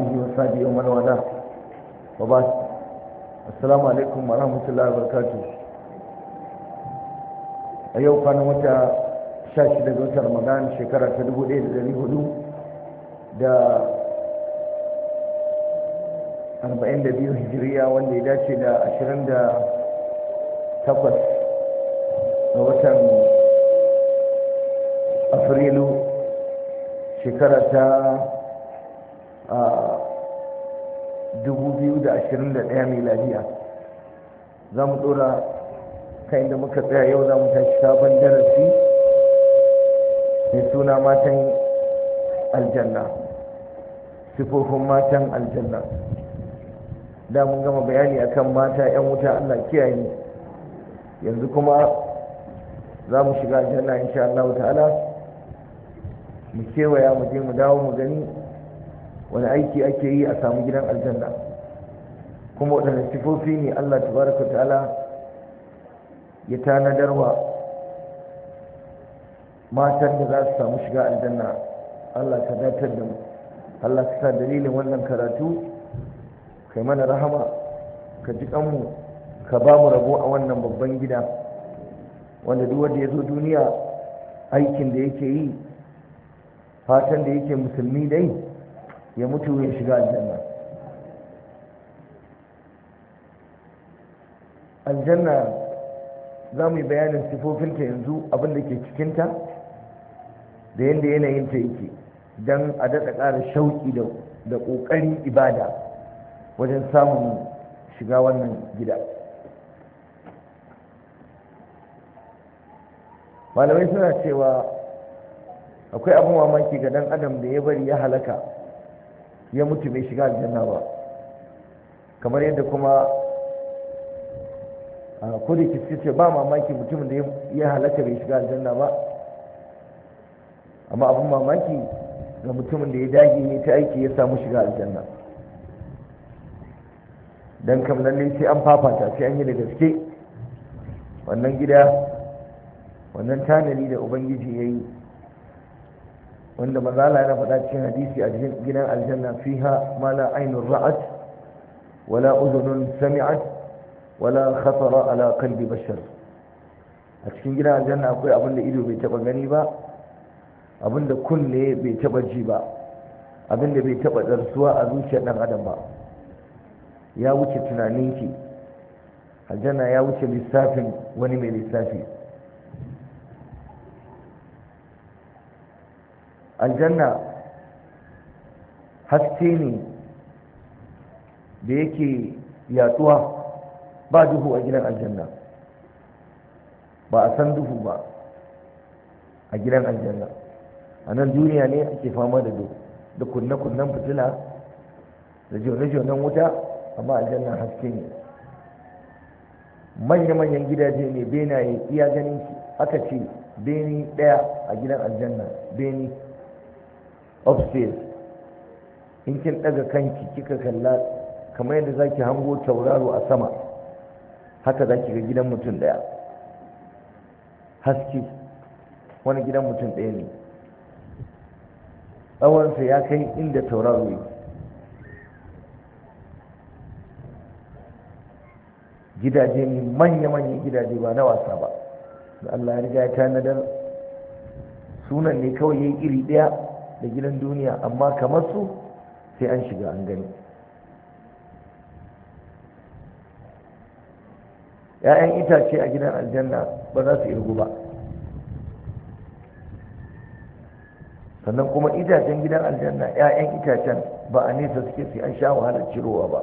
alihi wa sahbihi wa man wala wa ba assalamu alaikum wa rahmatullahi wa a yau kwanan wata 16 ga watan Ramadan shekara ta 1400 da 42 hijiriya wanda ya dace da 28 ga watan afrilu shekara ta ah, 2021 miladiya za mu dora kan inda muka tsaya yau za mu tashi sabon darasi mai suna matan aljanna sifofin matan aljanna da mun gama bayani akan mata 'yan wuta allah kiyaye yanzu kuma za mu shiga aljanna insha Allah ta'ala mu kewaya mu je mu dawo mu gani wani aiki ake yi a samu gidan aljanna kuma waɗanda sifofi ne Allah tabaraka ta'ala ya tanadarwa matan da za su samu shiga aljanna Allah ta datar da mu Allah ta sa dalilin wannan karatu kai mana rahama ka ji kanmu ka ba mu rabo a wannan babban gida wanda duk wanda ya zo duniya aikin da yake yi fatan da yake musulmi dai ya mutu ya shiga aljanna aljanna za mu yi bayanin sifofinta yanzu abinda da ke cikinta da yadda yanayinta yake don a daɗa ƙara shauƙi da ƙoƙarin ibada wajen samun shiga wannan gida malamai suna cewa akwai abin mamaki ga ɗan adam da ya bari ya halaka ya mutu mai shiga aljanna ba kamar yadda kuma a kudi ce ba mamaki mutumin da ya halatta bai shiga aljanna ba amma abin mamaki ga mutumin da ya dage ne ta aiki ya samu shiga aljanna don kam ne sai an fafata sai an yi da gaske wannan gida wannan tanani da ubangiji ya yi wanda mazala yana faɗa cikin hadisi a gidan aljanna fiha ma la ainun ra'at wala uzunun sami'at wala khatara ala qalbi bashar a cikin gidan aljanna akwai abin da ido bai taba gani ba abin da kunne bai taba ji ba abin da bai taba darsuwa a zuciyar dan adam ba ya wuce tunaninki aljanna ya wuce lissafin wani mai lissafi aljanna haske ne da yake yatsuwa ba duhu a gidan aljanna ba a san duhu ba a gidan aljanna a nan duniya ne ake fama da duhu da kunne-kunnen fitila da jone-jonen wuta amma aljanna haske ne manya-manyan gidaje ne benaye iya ganin aka ce beni daya a gidan aljanna beni upstairs in kin daga kanki kika kalla kamar yadda zaki hango tauraro a sama haka zaki ga gidan mutum daya haske wani gidan mutum daya ne tsawonsa ya kai inda tauraro yake gidaje ne manya-manyan gidaje ba na wasa ba da Allah ya riga ya tanadar sunan ne kawai yi iri daya da gidan duniya amma kamar su sai an shiga an gani ‘ya'yan itace a gidan aljanna ba za su irgu ba sannan kuma itacen gidan aljanna ‘ya'yan itacen ba a nesa suke sai an sha wahalar cirowa ba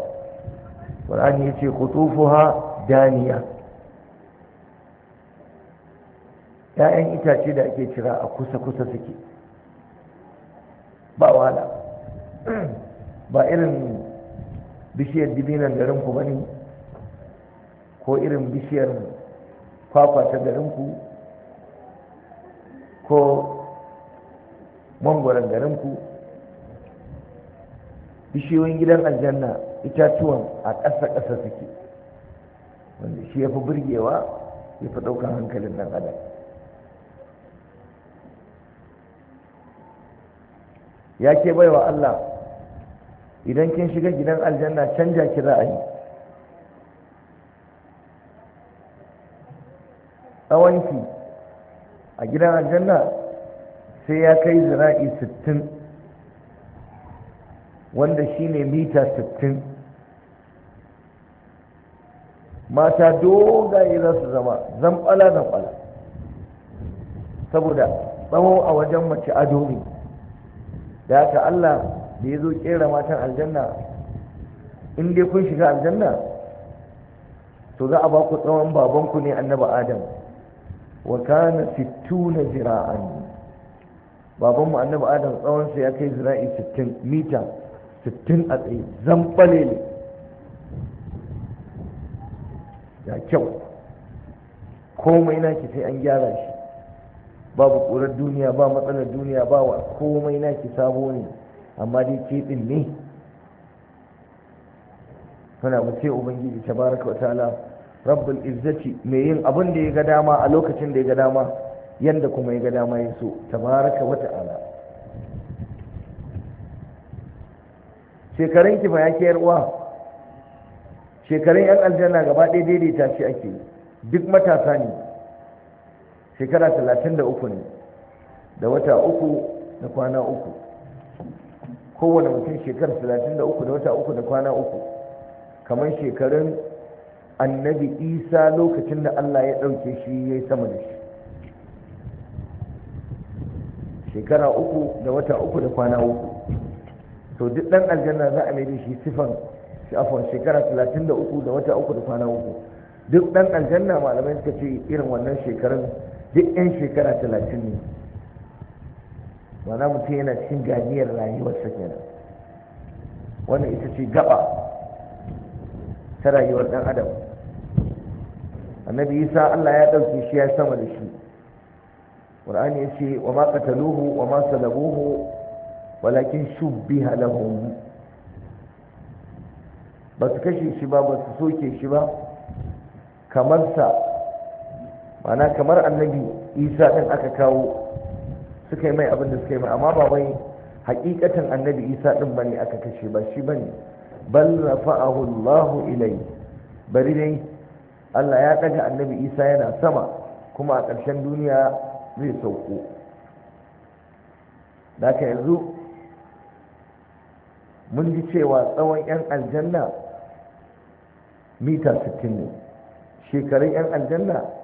ƙwararri ya ce kutufuha daniya ‘ya'yan itace da ake cira a kusa-kusa suke ba wahala ba irin bishiyar dibinan garinku ba ne ko irin bishiyar kwakwa ta garinku ko mangwaron garinku bishiyoyin gidan aljanna itatuwan a ƙasa-ƙasa suke wanda shi ya fi burgewa ya fi ɗaukar hankalin ɗan adam ya ke baiwa Allah idan kin shiga gidan aljanna canja ki ra'ayi, tsawonki a gidan aljanna sai ya kai zira'i sittin, wanda shine mita sittin. mata dogaye za su zama zamɓala zamɓala saboda tsawo a wajen mace ado ne da haka Allah da ya zo kera matan aljanna in dai kun shiga aljanna to za a ba ku tsawon babanku ne annaba adam wa kana sittuna zira'an babanmu annaba adam tsawonsa ya kai zira'i 60 mita 60 a tsaye Zan ne da kyau komai na ki sai an gyara shi babu ƙurar duniya ba matsalar duniya ba wa komai na ki sabo ne amma dai ke ɗin ne suna mu ce ubangiji tabaraka baraka wata'ala rabbul izzati mai yin abin da ya ga dama a lokacin da ya ga dama yadda kuma ya ga dama ya so tabaraka baraka wata'ala shekarun kifa ya ke uwa shekarun yan aljanna gaba ɗaya daidaita shi ake duk matasa ne shekara talatin da uku ne da wata uku da kwana uku kowane mutum shekara talatin da uku da wata uku da kwana uku kamar shekarun annabi isa lokacin da allah ya ɗauke shi ya yi sama da shi shekara uku da wata uku da kwana uku to duk ɗan aljanna za a mai shi sifan shafon shekara talatin da uku da wata uku da kwana uku duk ɗan aljanna malamai suka ce irin wannan shekarun duk 'yan shekara talatin ne wana mutum yana cikin ganiyar rayuwarsa kenan wannan ita ce gaba ta rayuwar dan adam annabi isa allah ya ɗauke shi ya sama da shi ƙur'ani ya ce wa ma qataluhu wa ma salabuhu walakin shubbiha lahum ba su kashe shi ba ba su soke shi ba kamar sa mana kamar annabi isa ɗin aka kawo suka yi mai abin da suka yi mai amma ba wai hakikatan annabi isa ɗin bane aka kashe ba shi ne. bal rafa'ahu allah ilai bari dai allah ya ɗaga annabi isa yana sama kuma a ƙarshen duniya zai sauko da yanzu mun ji cewa tsawon 'yan aljanna mita 60 ne shekarun 'yan aljanna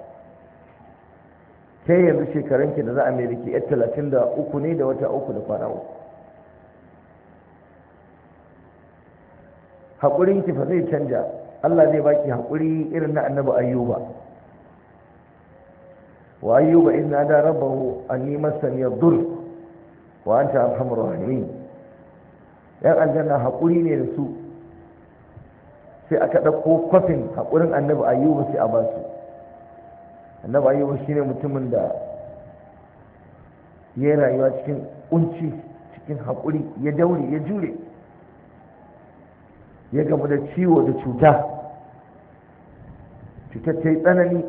sai yanzu shekarunki da za a mai ki talatin da uku ne da wata uku da kwana uku haƙurinki fa zai canja Allah zai baki haƙuri irin na annabi ayyuba wa ayyuba in nada a anni masani dur wa ta alhamar rahimi yan aljanna haƙuri ne da su sai aka ɗauko kwafin haƙurin annabi ayyuba sai a basu annabi ayyubu shine mutumin da ya yi rayuwa cikin kunci cikin haƙuri ya daure ya jure ya gamu da ciwo da cuta cutar ta yi tsanani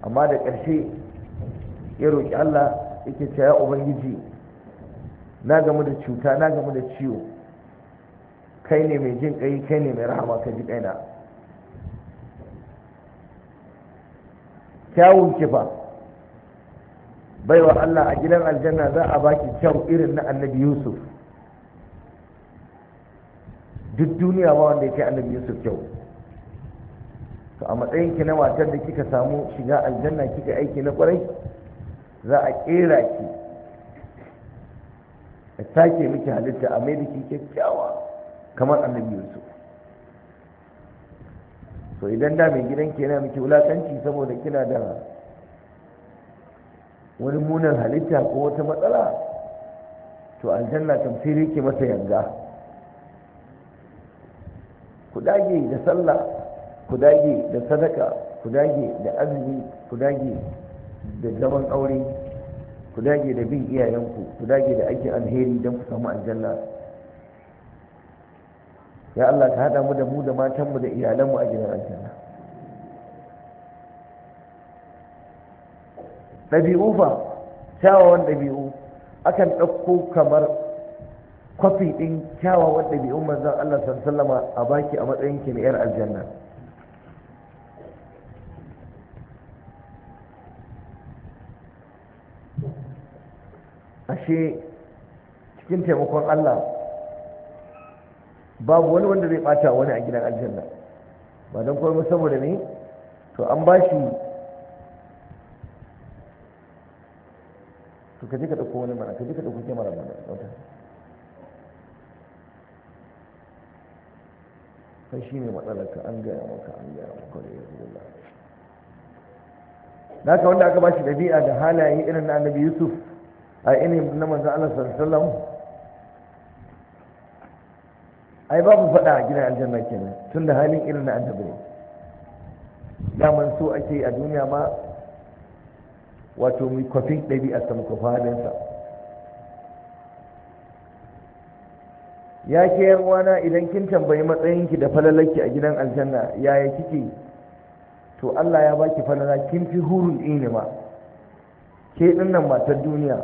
amma da ƙarshe ya roƙi Allah yake cewa ubangiji na gamu da cuta na gamu da ciwo kai ne mai jin kai kai ne mai rahama ka ji kaina kyawun kifa baiwa Allah a gidan aljanna za a baki kyau irin na annabi Yusuf duk duniya ba wanda ya kai annabi Yusuf kyau to a matsayin ki na matar da kika samu shiga aljanna kika aiki na kwarai za a kera ki a sake miki halitta a mai da kyakkyawa kamar annabi Yusuf to idan da mai gidanki yana miki wulakanci saboda kina da wani munan halitta ko wata matsala to aljanna kam sai dai ke masa yanga ku dage da sallah ku dage da sadaka ku dage da azumi ku dage da zaman aure ku dage da bin iyayenku ku dage da ake alheri don ku samu aljanna ya Allah ka hada mu da mu da matanmu da iyalanmu a gidan aljanna ɗabi'u fa kyawawan ɗabi'u akan ɗauko kamar kwafi ɗin kyawawan ɗabi'un manzon Allah sallama a baki a matsayin ki na 'yar aljanna ashe cikin taimakon Allah babu wani wanda zai bata wani a gidan aljanna ba don kuma saboda ne to an ba shi to ka ji ka dauko wani mana ka ji ka dauko ke mara mana wata kai shi ne matsalar ka an gaya maka an gaya maka da yanzu da na ka wanda aka ba shi dabi'a da halaye irin na annabi yusuf a inin na manzan allah sallallahu alaihi wasallam ai babu faɗa a gidan aljanna kenan tunda halin irin na annabi ne daman so ake a duniya ma wato mu kwafin a samu kwafa halinsa ya ke uwana idan kin tambayi matsayinki da falalarki a gidan aljanna yaya kike to Allah ya baki falala kin fi hurun ɗini ma ke ɗinnan matar duniya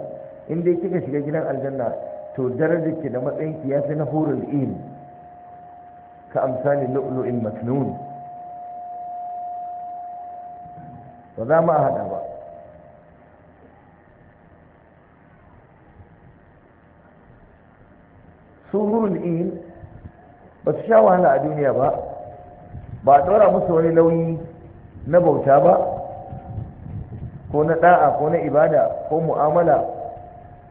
in dai kika shiga gidan aljanna to darajarki da matsayinki ya fi na hurun ɗini كأمثال لؤلؤ مكنون وذا ما هذا بقى sururul in ba su sha wahala a duniya ba ba a ɗora musu wani nauyi na bauta ba ko na ɗa'a ko na ibada ko mu'amala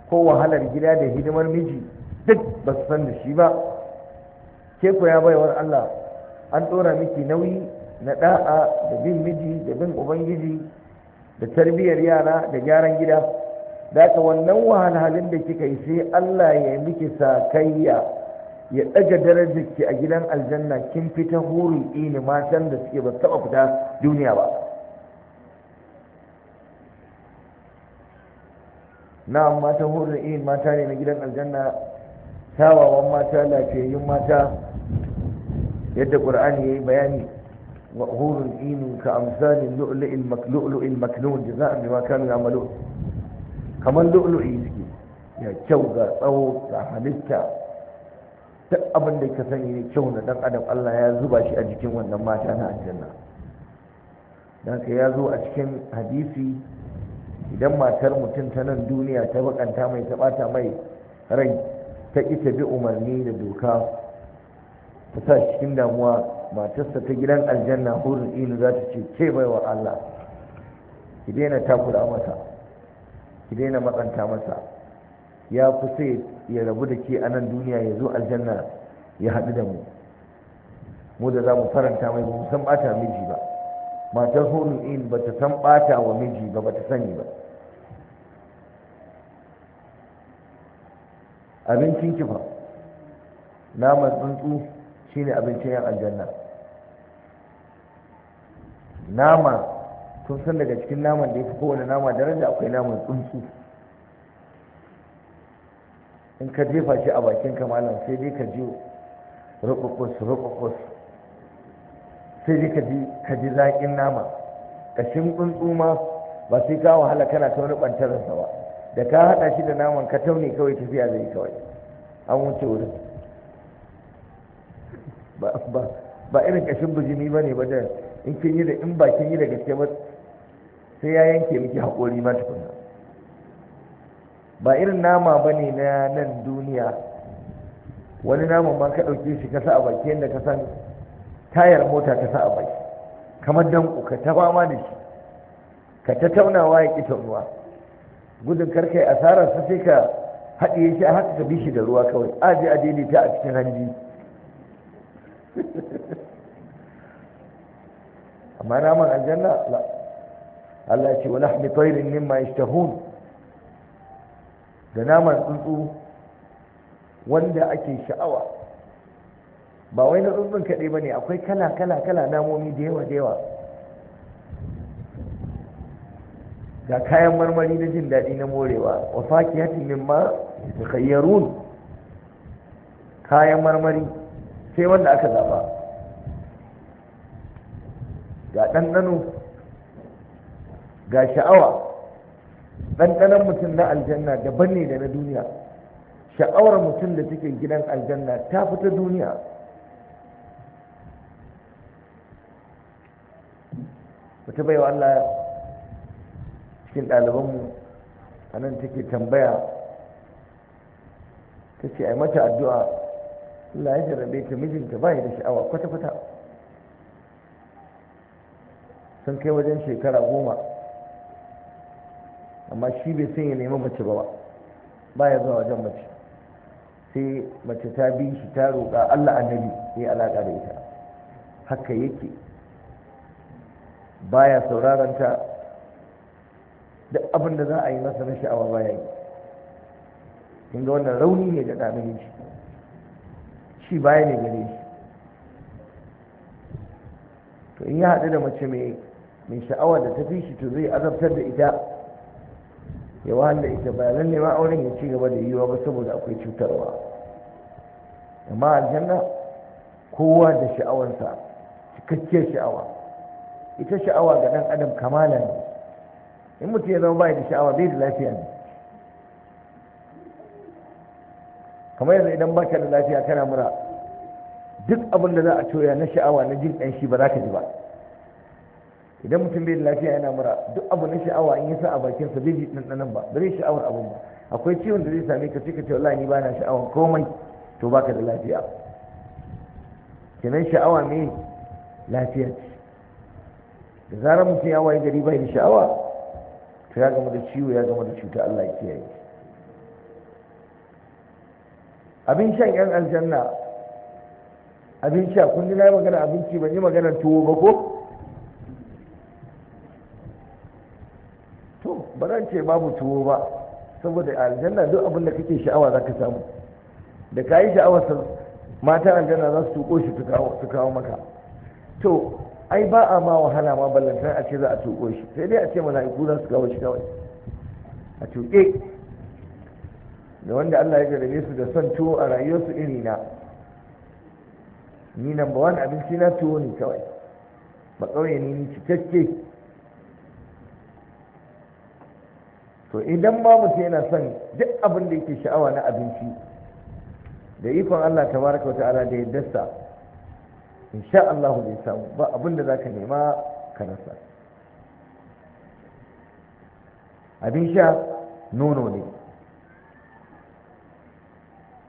ko wahalar gida da hidimar miji duk ba su san da shi ba ke ku ya baiwar Allah an tsora miki nauyi na ɗa'a da bin miji da bin ubangiji da tarbiyyar yara da gyaran gida da ka wannan wahalhalin da kika yi sai Allah ya miki sakayya ya ɗaga ki a gidan aljanna kin fita huri ini matan da suke ba taɓa fita duniya ba na ta huri ini mata ne na gidan aljanna tawawan mata lafiyayyun mata yadda qur'ani yi bayani wa hurun inin ka amsalin lu'lu'il maklu'lu'il maknun jaza'an bima kanu ya'malun kamar lu'lu'i suke ya kyau ga tsawo ga halitta duk abin da ka sani ne kyau na dan adam Allah ya zuba shi a jikin wannan mata na aljanna dan ka ya zo a cikin hadisi idan matar mutum ta nan duniya ta bakanta mai ta bata mai rai ta ita bi umarni da doka ta sa cikin damuwa matarsa ta gidan aljanna hurin inu za ta ce ke baiwa Allah ki daina takura masa ki daina matsanta masa ya fi sai ya rabu da ke a nan duniya ya zo aljanna ya haɗu da mu mu da za mu faranta mai ba mu san ɓata miji ba matar hurin inu ba ta san ɓata wa miji ba ba ta sani ba abincin kifa naman tsuntsu Shi ne abincin yan aljanna nama tun san daga cikin naman da ya fi kowane nama daraja akwai naman tsuntsu in ka jefa shi a bakin kamalan sai dai ka ji rukukus rukukus sai dai ka ji zaƙin nama ƙashin tsuntsu ma ba sai ka wahala kana ta wani ɓantararsa ba da ka haɗa shi da naman ka taune kawai tafiya zai kawai an wuce wurin ba irin kashin bijimi ba ne wajen in kin yi da in ba kin yi da gaske ba sai ya yanke miki haƙori ma tukunna ba irin nama ba ne na nan duniya wani naman ma ka ɗauke shi ka sa a baki yadda ka san tayar mota ka sa a baki kamar danko ka ta fama da shi ka ta taunawa ya ƙi taunuwa gudun karka yi asararsa sai ka haɗiye shi a haka ka bi shi da ruwa kawai aje a daidaita a cikin hanji amma naman aljanna la Allah ce wa hmi tayrin mimma yashtahun da naman tsuntsu wanda ake sha'awa ba wai na tsuntsun kaɗai ba ne akwai kala kala kala namomi da yawa da yawa ga kayan marmari na jin daɗi na morewa wa fakiyatin mimma yatakayyarun kayan marmari sai wanda aka zaba ga ɗanɗano ga sha'awa ɗanɗanon mutum na aljanna daban ne da na duniya sha'awar mutum da take gidan aljanna ta fita duniya ta baiwa Allah cikin ɗalibanmu a nan take tambaya ta ce a mata addu'a Allah ya jarabe ta mijinta ba da sha'awa kwata-kwata sun kai wajen shekara goma amma shi bai san ya nemi mace ba ba ya zuwa wajen mace sai mace ta bi shi ta roƙa Allah annabi ya alaƙa da ita haka yake baya sauraron ta duk abin za a yi masa na sha'awa baya yi inda ga wannan rauni ne da ɗanin shi ci baya ne gare shi to in ya haɗu da mace mai sha'awa da ta fi shi to zai azabtar da ita ya wahala ita ba lalle ma auren ya ci gaba da yiwa ba saboda akwai cutarwa amma aljanna kowa da sha'awarsa cikakkiyar sha'awa ita sha'awa ga ɗan adam kamala ne in mutum ya zama bai da sha'awa bai da lafiya ne kamar yanzu idan baka da lafiya kana mura duk abin da za a coya na sha'awa na jin ƙanshi ba za ka ji ba idan mutum bai da lafiya yana mura duk abu na sha'awa in yi sa a sa bai ji ɗanɗanan ba ba zai sha'awar abin ba akwai ciwon da zai same ka sai ka ce wallahi ni ba na sha'awar komai to baka da lafiya kenan sha'awa me lafiya ce da zarar mutum ya waye gari bai da sha'awa to ya gama da ciwo ya gama da cuta Allah ya kiyaye abin shan yan aljanna abin sha kun ji na yi magana abinci ban yi magana tuwo ba ko to baran ce babu tuwo ba saboda aljanna duk abin da kake sha'awa za ka samu da ka yi sha'awar mata aljanna za su tuko shi su kawo maka to ai ba a ma wahala ma ballantar a ce za a tuko shi sai dai a ce mala'iku za su kawo shi kawai a tuke da wanda Allah ya jarabe su da son tuwo a rayuwarsu iri na ni na bawan abinci na tuwo ne kawai ba kawai ne ni cikakke to idan ba mutum yana son duk abin da yake sha'awa na abinci da ikon Allah tabaraka wa ta'ala da sa insha Allah zai samu ba abin da zaka nema ka rasa abin sha nono ne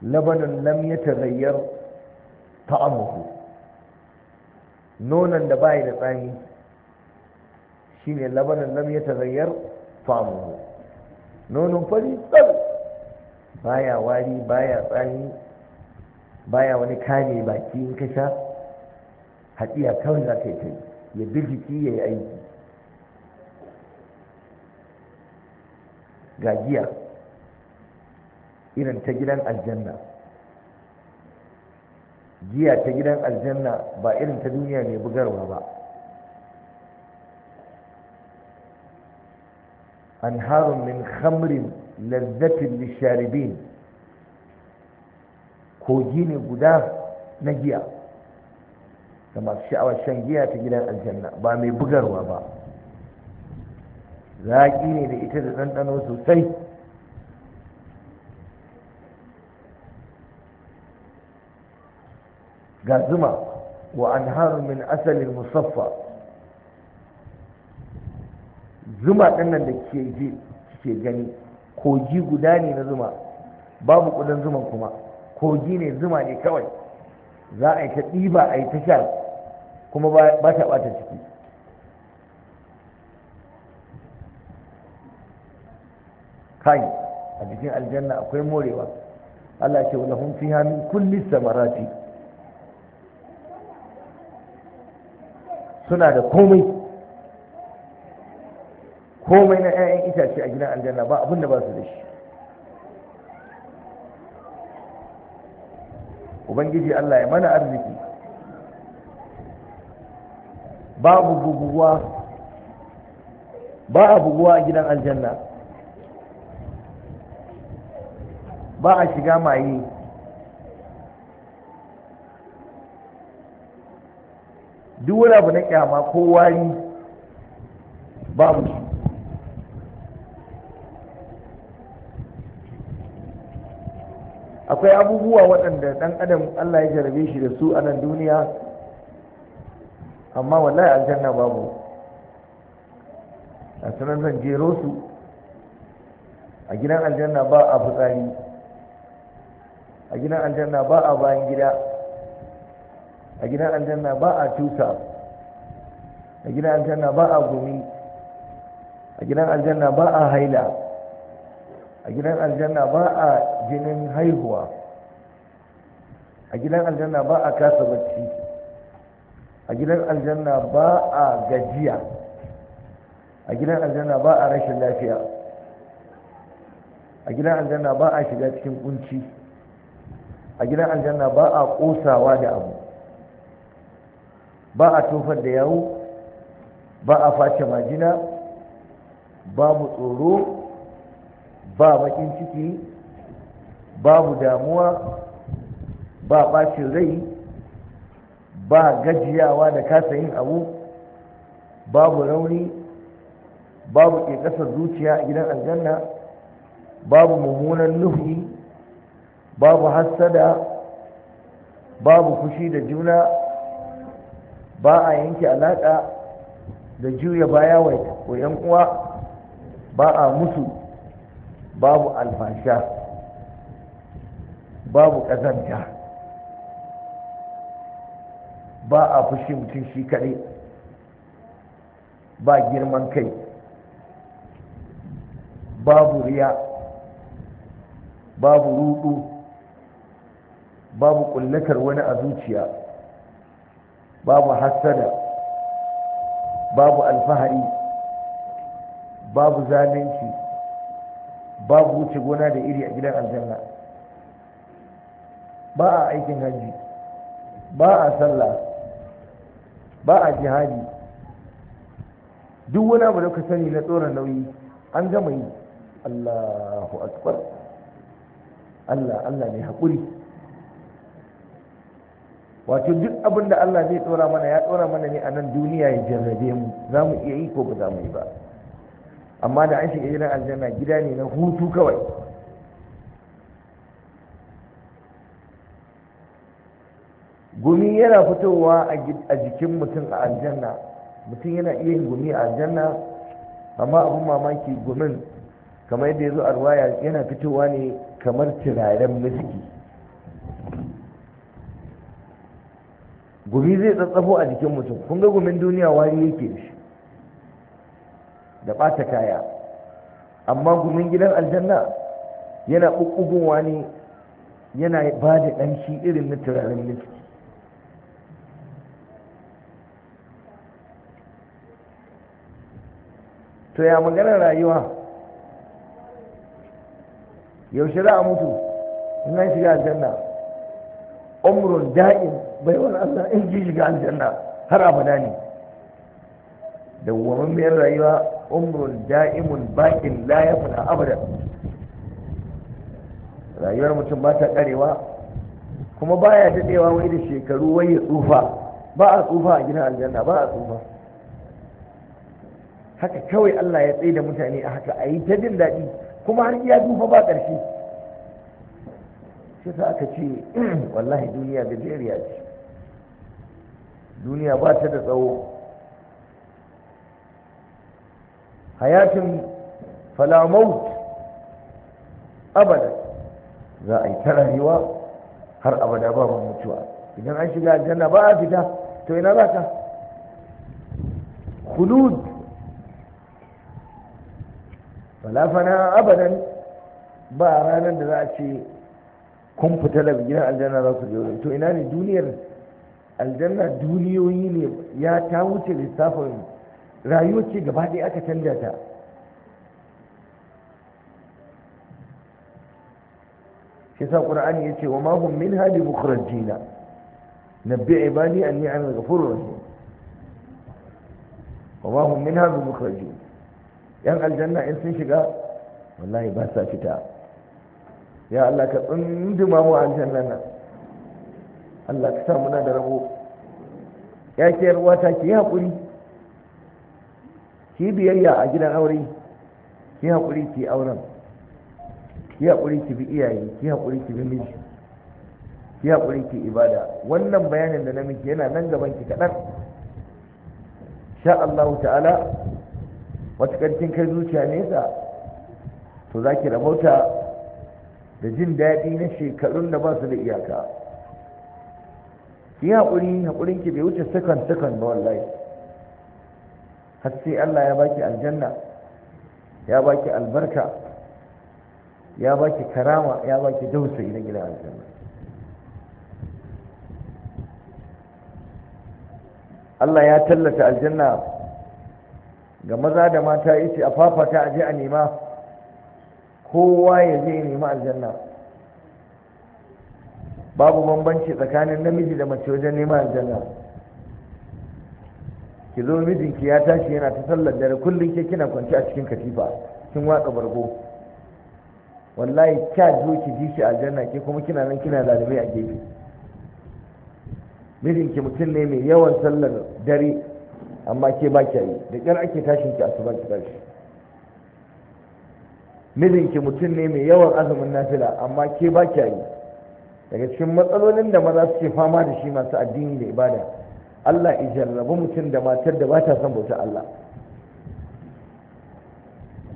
labanin nan ya ta amuku nonon da bai da tsani shine labanin nan ya ta amuku nonon fari tsar baya wari baya tsani baya wani kame baki in ka sha haɗiya kawai za ka yi ta ya bi jiki ya yi aiki gajiya. irin ta gidan aljanna giya ta gidan aljanna ba irin ta duniya mai bugarwa ba anharun min khamrin lazzatin lisharibin kogi ne guda na giya da masu sha'awar shan giya ta gidan aljanna ba mai bugarwa ba zaƙi ne da ita da ɗanɗano sosai ga zuma wa anharu min asalin musaffa zuma ɗannan da ke je ke gani kogi guda ne na zuma babu ƙudan zuma kuma kogi ne zuma ne kawai za a yi ta ɗiba a yi ta sha kuma ba ta ɓata ciki kai a jikin aljanna akwai morewa Allah ce wa lahum fiha min kulli samarati suna da komai komai na 'ya'yan itace a gidan aljanna ba abin da ba su da shi ubangiji Allah ya mana arziki babu buguwa ba a buguwa a gidan aljanna ba a shiga maye duk wani abu na kyama ko wari babu shi akwai abubuwa waɗanda ɗan adam Allah ya jarabe shi da su a nan duniya amma wallahi aljanna babu a sanar zan jero su a gidan aljanna ba a fitsari a gidan aljanna ba a bayan gida a gidan aljanna ba a tusa a gidan aljanna ba a gumi a gidan aljanna ba a haila a gidan aljanna ba a jinin haihuwa a gidan aljanna ba a kasa bacci a gidan aljanna ba a gajiya a gidan aljanna ba a rashin lafiya a gidan aljanna ba a shiga cikin kunci a gidan aljanna ba a kosawa da abu ba a tofar da yawo ba a face majina babu tsoro ba bakin ciki babu damuwa ba bacin rai ba gajiyawa da kasa yin abu babu rauni babu ƙeƙasar zuciya a gidan aljanna babu mummunan nufi babu hassada babu fushi da juna ba a yanke alaƙa da juya baya wa yan uwa ba a musu babu alfasha babu ƙazanta ba a fushi mutum shi kaɗai ba girman kai babu riya babu rudu babu ƙullatar wani a zuciya babu hassada babu alfahari babu zalunci babu wuce gona da iri a gidan aljanna ba a aikin hajji ba a sallah ba a jihadi duk wani abu da ka sani na tsoron nauyi an gama yi allahu akbar allah allah ne haƙuri wato duk abin da Allah zai tsora mana ya tsora mana ne a nan duniya ya jarrabe mu za mu iya yi ko ba za mu yi ba amma da an shiga gidan aljanna gida ne na hutu kawai gumi yana fitowa a jikin mutum a aljanna mutum yana iya yin gumi a aljanna amma abin mamaki gumin kamar yadda ya zo a ruwaya yana fitowa ne kamar turaren miski gumi zai tsatsafo a jikin mutum kun ga gumin duniya wari yake shi da ɓata kaya amma gumin gidan aljanna yana ɓuɓɓugowa ne yana ba da ɗanshi irin na turaren miski to ya maganar rayuwa yaushe za a mutu in shiga aljanna umrun da'in baiwar Allah in ji shiga aljanna har abada ne dawwamammiyar rayuwa umrun da'imun bakin la yafna abada rayuwar mutum ba ta karewa kuma ya dadewa wai da shekaru wai ya tsufa ba a tsufa a gidan aljanna ba a tsufa haka kawai Allah ya tsaye da mutane a haka a yi ta jin daɗi kuma har iya tsufa ba ƙarshe shi sa aka ce wallahi duniya gajeriya ce duniya ba ta da tsawo hayatin falamaut abada za a yi ta rayuwa har abada ba mu mutuwa idan an shiga aljanna ba a fita to ina za ka khulud falafana abadan ba ranar da za a ce kun fita daga gidan aljanna za su je to ina ne duniyar aljanna duniyoyi ne ya ta wuce lissafin rayuwa ce gaba ɗaya aka canja ta shi sa ƙura'ani ya ce wa mahun min hali mukhrajina nabbi ibadi anni ana ghafurur rahim wa mahun min hali mukhrajina yan aljanna in sun shiga wallahi ba sa fita ya Allah ka tsunduma mu aljanna nan Allah ka sa muna da rabo ya ke ruwata ki yi haƙuri ki biyayya a gidan aure ki haƙuri ki auren ki haƙuri ki bi iyaye ki haƙuri ki bi miji ki haƙuri ki ibada wannan bayanin da na miki yana nan gaban ki kaɗan sha Allah ta'ala matuƙarcin kai zuciya nesa to za ki rabauta da jin daɗi na shekarun da ba su da iyaka ki haƙuri haƙurin ki bai wuce sakan sakan ba wallahi har Allah ya baki aljanna ya baki albarka ya baki karama ya baki dausa ina gida aljanna Allah ya tallata aljanna ga maza da mata yace a fafata aje a nema kowa ya je nema aljanna babu bambanci tsakanin namiji da mace wajen neman aljanna ki zo mijinki ya tashi yana ta sallar dare kullum ke kina kwanci a cikin katifa kin watsa bargo wallahi kya zo ki ji shi aljanna ke kuma kina nan kina lalibai a gefe mijinki mutum ne mai yawan sallar dare amma ke ba kya yi da kyar ake tashin ki asuba ki tashi mijinki mutum ne mai yawan azumin nafila amma ke ba kya yi daga cikin matsalolin da maza suke fama da shi masu addini da ibada Allah ya jarrabu mutum da matar da ba ta son bauta Allah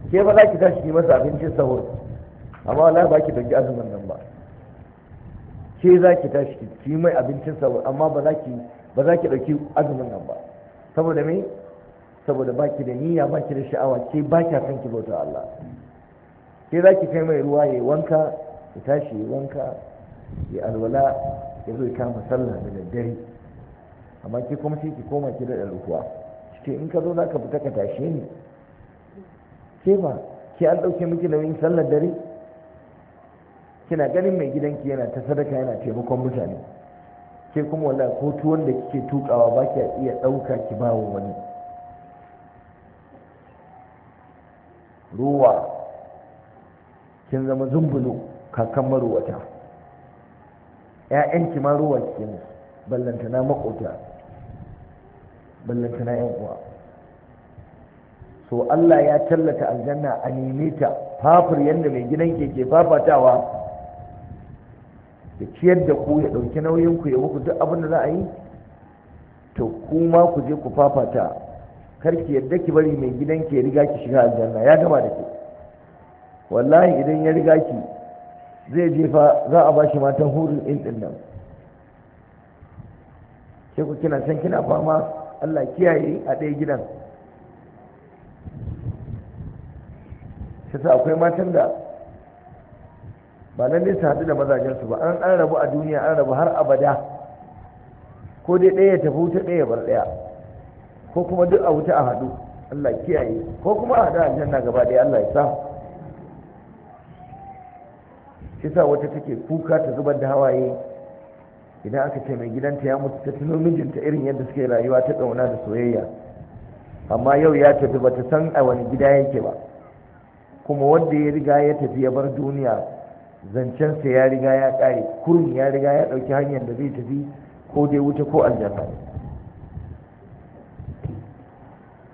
ke ba za ki tashi ki masa abincin sahur amma wala ba ki dauki azumin nan ba ke za ki tashi ki yi mai abincin sahur amma ba za ki ba za ki dauki azumin nan ba saboda me saboda ba ki da niyya ba ki da sha'awa ke ba ki son ki bauta Allah ke za ki kai mai ruwa yayi wanka ki tashi yayi wanka ya alwala ya zo kama sallah da daddare amma ke kuma sai ki koma ki da ɗarukuwa ce in ka zo za ka fita ka tashe ni ke ba ke an ɗauke miki nauyin sallar dare kina ganin mai gidanki yana ta sadaka yana taimakon mutane ke kuma wala ko tuwon da kike tukawa ba ki iya ɗauka ki ba wani ruwa kin zama zumbulu kakan maruwata ƴaƴan ki ma ruwa ki ne ballantana makota ballantana ƴan uwa so Allah ya tallata aljanna a neme ta fafir yadda mai gidan ke ke fafatawa da ciyar da ku ya ɗauki nauyin ku ya muku duk abin da za a yi to kuma ku je ku fafata kar ki yadda ki bari mai gidan ke riga ki shiga aljanna ya gama da ke wallahi idan ya riga ki zai jefa za a bashi matan hurin ɗin ɗin nan ke ku kina san kina fama Allah kiyaye a ɗaya gidan sai akwai matan da ba lalle su haɗu da mazajensu ba an an rabu a duniya an rabu har abada ko dai ɗaya tafi wuta ɗaya bar ɗaya ko kuma duk a wuta a haɗu Allah kiyaye ko kuma a haɗu aljanna gaba ɗaya Allah ya sa shi sa wata take kuka ta zubar da hawaye idan aka ce mai gidanta ya mutu ta tuno mijinta irin yadda suke rayuwa ta ƙauna da soyayya amma yau ya tafi bata san a wani gida yake ba kuma wanda ya riga ya tafi ya bar duniya zancensa ya riga ya ƙare kurin ya riga ya ɗauki hanyar da zai tafi ko dai wuta ko aljanna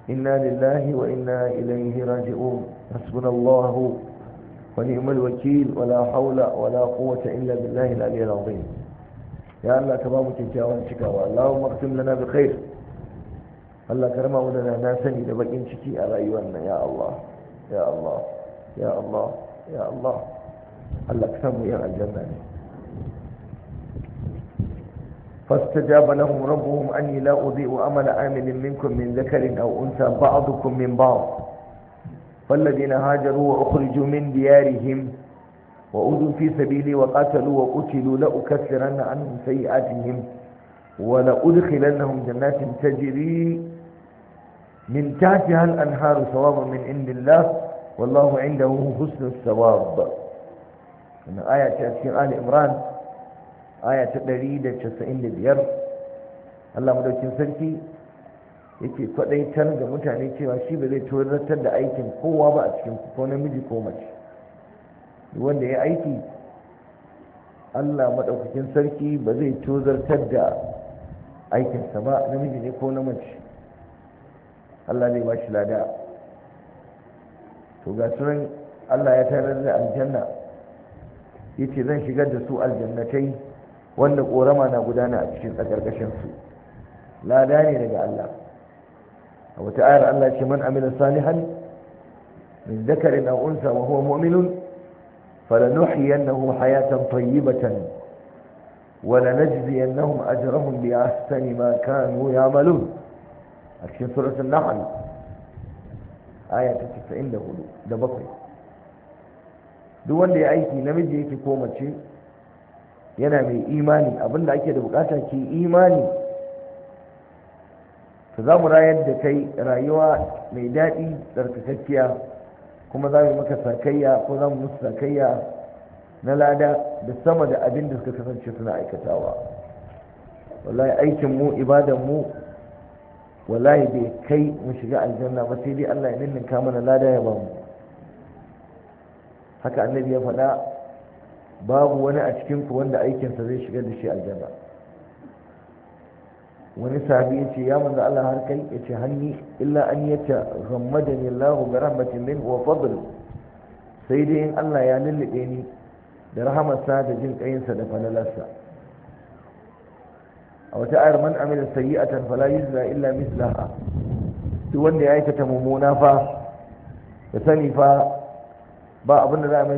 inna lillahi wa inna ilaihi raji'un hasbunallahu ونعم الوكيل ولا حول ولا قوة إلا بالله العلي العظيم يا الله تبارك كيكاوان شكاوى اللهم اختم لنا بخير الله كرمه لنا ناسني دبقين شكي على أيوانا يا الله يا الله يا الله يا الله الله كسمه يا الجنة فاستجاب لهم ربهم أني لا أضيء أمل عامل منكم من ذكر أو أنثى بعضكم من بعض فالذين هاجروا وأخرجوا من ديارهم وأوذوا في سبيلي وقاتلوا وقتلوا لأكثرن عنهم سيئاتهم ولأدخلنهم جنات تجري من تحتها الأنهار ثوابا من عند الله والله عنده حسن الثواب من آية تأثير آل إمران آية تقريدة تسعين لبير الله مدوكين سلكي yake kwadaitar da mutane cewa shi ba zai tozartar da aikin kowa ba a cikin ko namiji ko mace wanda ya aiki Allah maɗaukakin sarki ba zai tozartar da aikinsa ba namiji ne ko na mace Allah zai ba shi lada to ga sunan Allah ya tarar da aljanna yace zan shigar da su aljannatai wanda korama na gudana a cikin tsakarkashin su lada ne daga Allah a wata ayar Allah ce man amila salihan min dhakarin aw unsa wa huwa mu'minun falanuhyiyannahu hayatan tayyibatan wa lanajziyannahum ajrahum bi ahsani ma kanu ya'malun a cikin suratul nahl aya ta 94 da bakwai duk wanda ya aiki namiji yake ko mace yana mai imani abinda ake da bukata ke imani to za mu rayar da kai rayuwa mai daɗi tsarkakakkiya kuma za mu maka sakayya ko za mu musu sakayya na lada da sama da abin da suka kasance suna aikatawa wallahi aikin mu ibadan mu wallahi bai kai mu shiga aljanna ba sai dai Allah ya ninninka mana lada ya bamu haka annabi ya faɗa babu wani a cikin ku wanda aikinsa zai shiga da shi aljanna wani sahabi ya ce ya manzo Allah har kai ya ce hanni illa an yata ghammadani Allah bi rahmatin min wa fadl sai dai in Allah ya lullube ni da rahamarsa da jin kayinsa da falalarsa a wata ayar man amila sayyi'atan fala yuzla illa mislaha duk wanda ya aikata mummuna fa ya sani fa ba abin da za a mai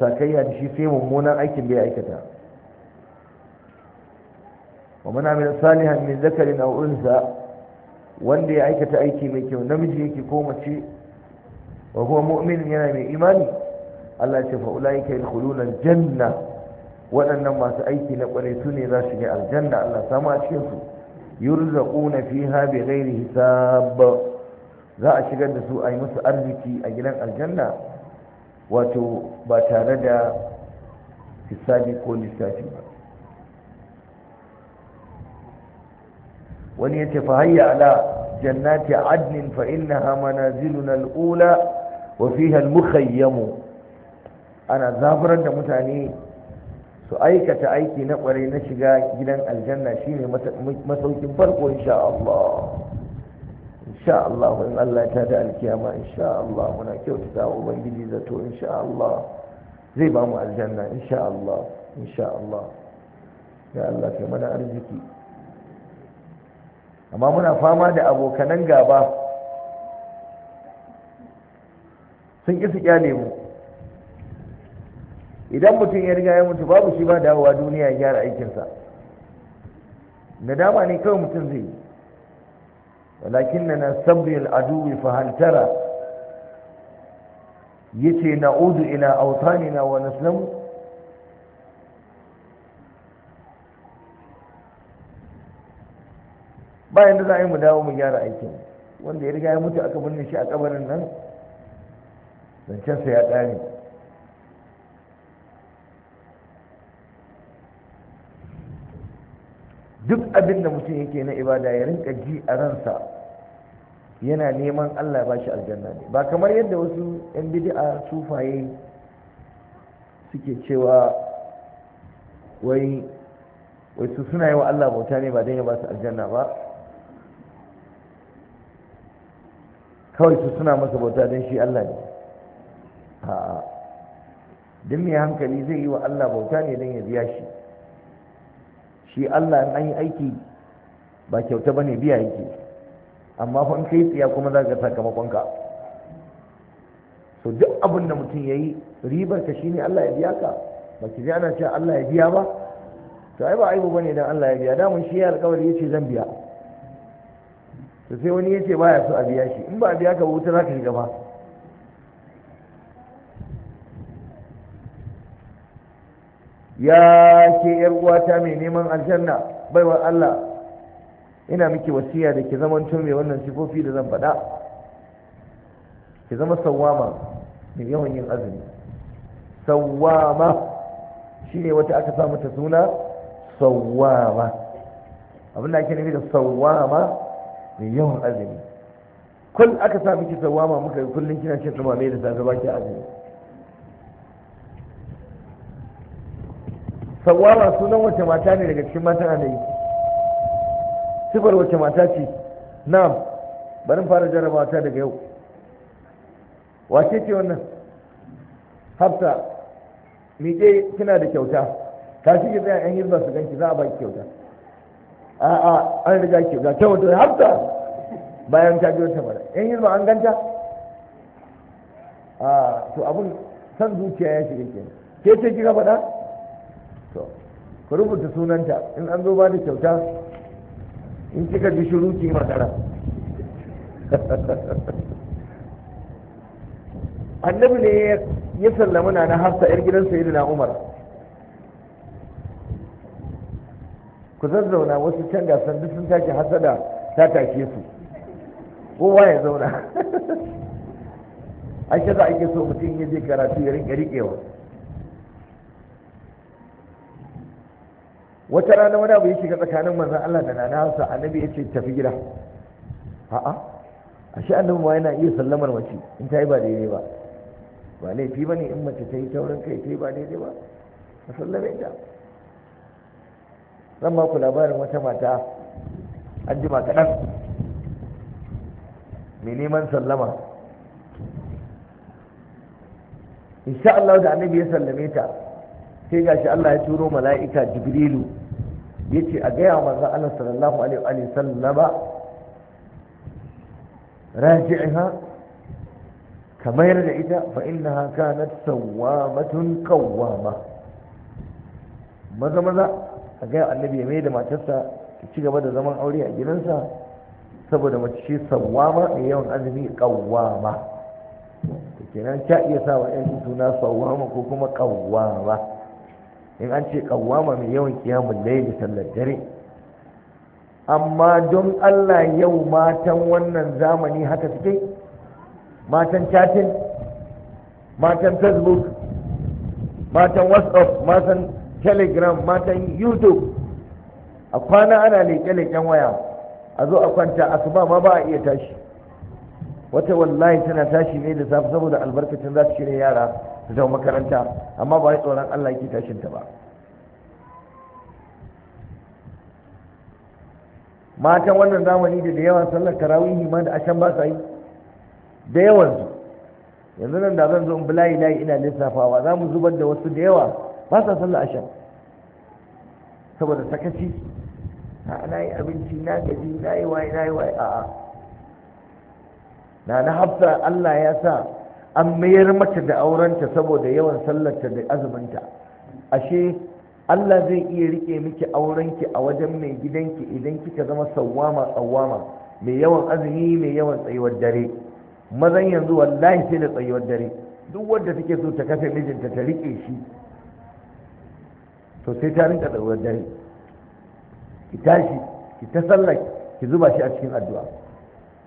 sakayya da shi sai mummunan aikin bai ya aikata wa man amila salihan min zakarin aw wanda ya aikata aiki mai kyau namiji yake ko mace wa huwa mu'min yana mai imani Allah ya ce fa ulaika yadkhuluna aljanna waɗannan masu aiki na ƙwarai su ne za su ga aljanna Allah samu a cikin su yurzaquna fiha bighairi hisab za a shigar da su a yi musu arziki a gidan aljanna wato ba tare da hisabi ko lissafi ba wani yace fa hayya ala jannati adnin fa innaha manaziluna al-ula wa fiha al-mukhayyam ana zaburar da mutane su aikata aiki na kware na shiga gidan aljanna shine masaukin farko insha Allah insha Allah in Allah ta da alkiyama insha Allah muna kyautata wa ubangiji zato insha Allah zai ba mu aljanna insha Allah insha Allah ya Allah kai mana arziki amma muna fama da abokanan gaba sun ƙi kyale mu idan mutum ya riga ya mutu babu shi ba dawowa duniya ya gyara aikinsa da dama ne kawai mutum zai yi walakin na sabbi al'aduwi fahantara yace na'udu ila autanina wa naslamu ba yanda za a yi mu dawo mu gyara aikin wanda ya riga ya mutu aka binne shi a kabarin nan zancensa ya ƙare duk abin da mutum yake na ibada ya rinka ji a ransa yana neman allah ba shi aljanna ne ba kamar yadda wasu 'yan bid'a sufaye suke cewa wai wai su suna yi wa allah bauta ne ba don ya ba su aljanna ba kawai su suna masa bauta don shi Allah ne a'a duk mai hankali zai yi wa Allah bauta ne don ya biya shi shi Allah in an yi aiki ba kyauta ba ne biya yake amma kwan in kai tsiya kuma za ka sakamakon ka so duk abin da mutum ya yi ribar ka shi ne Allah ya biya ka ba ki ana cewa Allah ya biya ba to ai ba aibu ne don Allah ya biya damun shi ya alƙawari ce zan biya to sai wani yace baya so a biya shi in ba a biya ka wuta za ka shiga ba ya ke yar uwata mai neman aljanna baiwar Allah ina miki wasiya da ki zaman mai wannan sifofi da zan faɗa ki zama sawama mai yawan yin azumi sawama ne wata aka sa mata suna sawama abin da ake nufi da sawama mai yawan azumi kun aka sa miki sawama muka yi kullum kina ce sama mai da safe baki azumi sawama sunan wace mata ne daga cikin matan annabi sifar wace mata ce na'am bari fara jarabawa ta daga yau wace ce wannan hafsa mike kina da kyauta ta shi ki tsaya yan hizba su ganki za a baki kyauta a'a an riga ke ga ta wato hafta bayan ta biyo ta in yi hizba an ganta a to abun san zuciya ya shiga kenan ke ce kika faɗa to ku rubuta sunanta in an zo ba da kyauta in kika ji shiru ki makara, annabi ne ya sallama na hafsa yar gidan sayyidina umar ku zazzauna wasu can gasar duk sun tashi hasada ta tashe su kowa ya zauna a shi za a ke so mutum ya je karatu ya rinka riƙewa wata rana wani abu ya shiga tsakanin manzan Allah da nana hausa annabi ya ce tafi gida a'a a shi annabi ma yana iya sallamar mace in ta yi ba daidai ba ba laifi ba ne in mace ta yi taurin kai ta yi ba daidai ba a sallame ta zan ba ku labarin wata mata an jima kaɗan mai neman sallama insha Allah da annabi ya sallame ta sai gashi Allah ya turo mala'ika jibrilu ya ce a gaya manzan Allah sallallahu alaihi wa sallama raji'iha ka mayar da ita fa innaha kanat sawwamatun qawwama maza maza a gaya annabi ya mai da matarsa ta ci gaba da zaman aure a gidansa saboda mace ce sawama mai yawan azumi ta ke kenan ta iya sa wa yanki suna sawama ko kuma kawama in an ce kawama mai yawan kiyamun laili sallar dare amma don Allah yau matan wannan zamani haka suke matan chatting matan facebook matan whatsapp matan telegram matan youtube a kwana ana leƙe-leƙen waya a zo a kwanta ba ma ba a iya tashi wata wallahi tana tashi ne da safe saboda albarkacin za su shirya yara su zama makaranta amma ba yi tsoron allah yake tashinta ba matan wannan zamani da da yawan sallar tarawihi ma da can ba sa yi da yawan su yanzu nan da zan zo in layi layi ina lissafawa za mu zubar da wasu da yawa ba sa a asha saboda sakaci na yi abinci na gaji na yi waye na yi waye a'a na na hafsa Allah ya sa an mayar mata da aurenta saboda yawan sallarta da azuminta ashe Allah zai iya rike miki aurenki a wajen mai gidanki idan kika zama sawwama tsawwama mai yawan azumi mai yawan tsayuwar dare mazan yanzu wallahi sai da tsayuwar dare duk wanda take so ta kafe mijinta ta rike shi to sai ta rinka tsawar dare ki tashi ki ta sallar ki zuba shi a cikin addu'a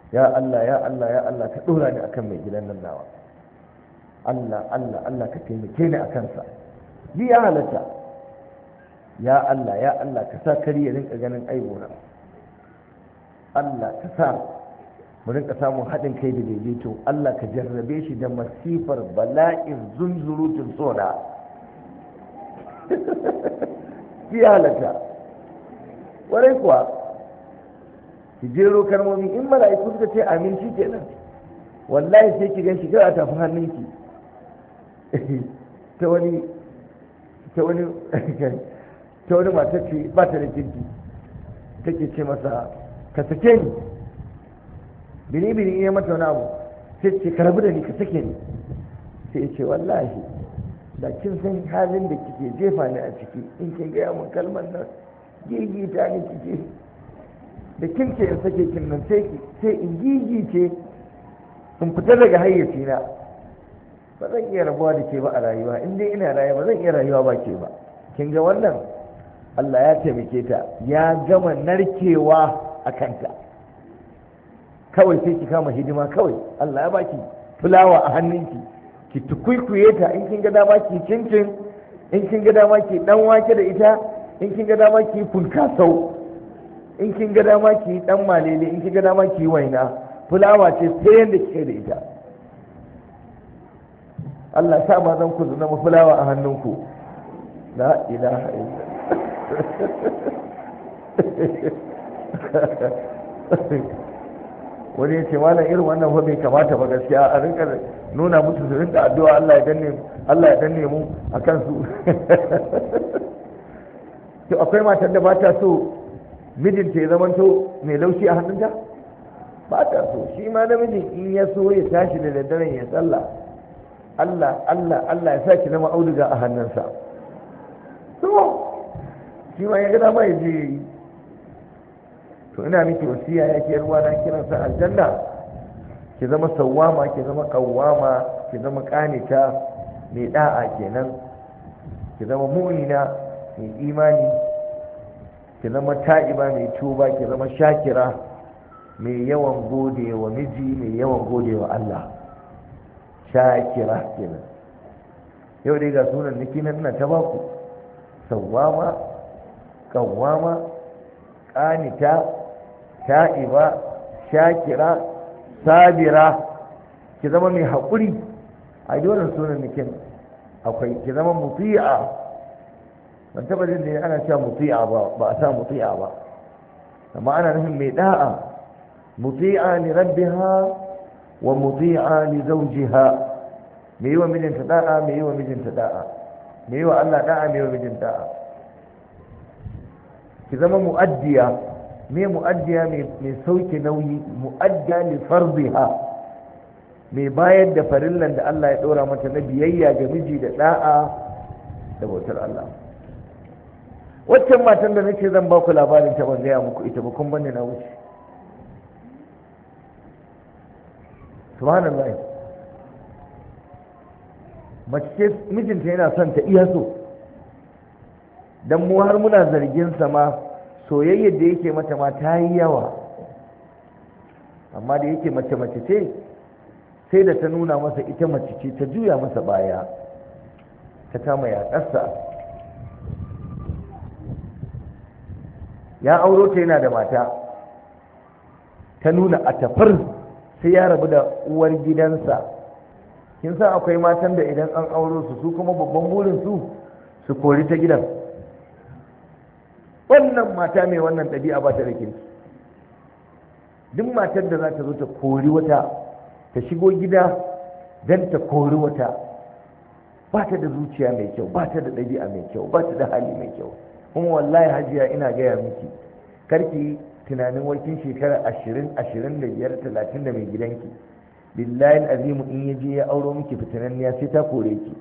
ya Allah ya Allah ya Allah ka dora ni akan mai gidan nan nawa Allah Allah Allah ka taimake ni a kansa. ji ya halatta ya Allah ya Allah ka sa kari ya rinka ganin aibona Allah ka sa mu rinka samun haɗin kai da daidaito Allah ka jarrabe shi da masifar bala'in zunzurutun tsora ki ya halatta warai kuwa ki jero kalmomi in mala'iku suka ce amin shi kenan wallahi sai ki gan shi kawai a hannunki ta wani ta wani ta wani mata ce ba ta da kirki take ce masa ka sake ni bini bini ya mata wani abu sai ce ka rabu da ni ka sake ni sai ya ce wallahi da kin san halin da kike jefa ni a ciki in kin gaya mun kalmar nan gigita ni kike da kin ce in sake kin nan sai in gigice in fita daga hayyaci na ba zan iya rabuwa da ke ba a rayuwa in dai ina rayuwa ba zan iya rayuwa ba ke ba kin ga wannan Allah ya taimake ta ya gama narkewa a kanta kawai sai ki kama hidima kawai Allah ya baki fulawa a hannunki ki tukwikwiye ta in kin ga dama ki cincin in kin ga dama ki dan wake da ita in kin ga dama ki funkasau in kin ga dama ki dan malele in kin ga dama ki waina fulawa ce sai yanda kike da ita Allah sa ma zan ku zuna mu fulawa a hannunku la ilaha illa Allah wani ce malam irin wannan fa bai kamata ba gaskiya a rinka nuna mutu, su rinka addu'a Allah ya danne Allah ya danne mu akan su to akwai matan da ba ta so mijinta ya zamanto mai laushi a hannunta ba ta so shi ma namijin in ya so ya tashi da daddaren ya tsalla Allah Allah Allah ya saki na ma'auduga a hannunsa to shi ma ya gada ma ya je to ina miki wasiya ya ke ruwa na kiran sa aljanna ki zama sawwama ki zama qawwama ki zama Kanita mai da'a kenan ki zama mu'mina mai imani ki zama ta'iba mai tuba ki zama shakira mai yawan gode wa miji mai yawan gode wa Allah shakira kenan yau dai ga sunan niki na ina ta baku sawwama qawwama Kanita. sha'iba shakira sabira ki zama mai haƙuri a yi wannan sunan nikin akwai ki zama muti'a ban taɓa jin da ana cewa muti'a ba ba a sa muti'a ba amma ana nufin mai da'a muti'a li rabbiha wa muti'a li zawjiha Me yi wa mijinta da'a me yi wa mijinta da'a Me yi wa Allah da'a me yi wa mijinta da'a ki zama mu'addiya me mu'addiya mai sauke nauyi mu'addiya li farziha mai bayar da farillan da Allah ya ɗora mata na biyayya ga miji da ɗa'a da bautar Allah waccan matan da nake zan ba ku labarin ta ban gaya muku ita ba kun bane na wuce subhanallah mace mijinta yana son ta iya so dan mu har muna zargin sa ma soyayyar da yake mata ma ta yi yawa amma da yake mace mace ce sai da ta nuna masa ita mace ce ta juya masa baya ta kama ƙasa ya auro ta yana da mata ta nuna a tafar sai ya rabu da uwar gidansa kin san akwai matan da idan an auro su su kuma babban burin su su kori ta gidan wannan mata mai wannan ɗabi'a ba ta da kirki duk matar da za ta zo ta kori wata ta shigo gida don ta kori wata ba ta da zuciya mai kyau ba ta da ɗabi'a mai kyau ba ta da hali mai kyau kuma wallahi hajiya ina gaya miki karki tunanin warkin shekara ashirin ashirin da biyar talatin da mai gidanki billahi azimu in ya je ya auro miki fitananniya sai ta kore ki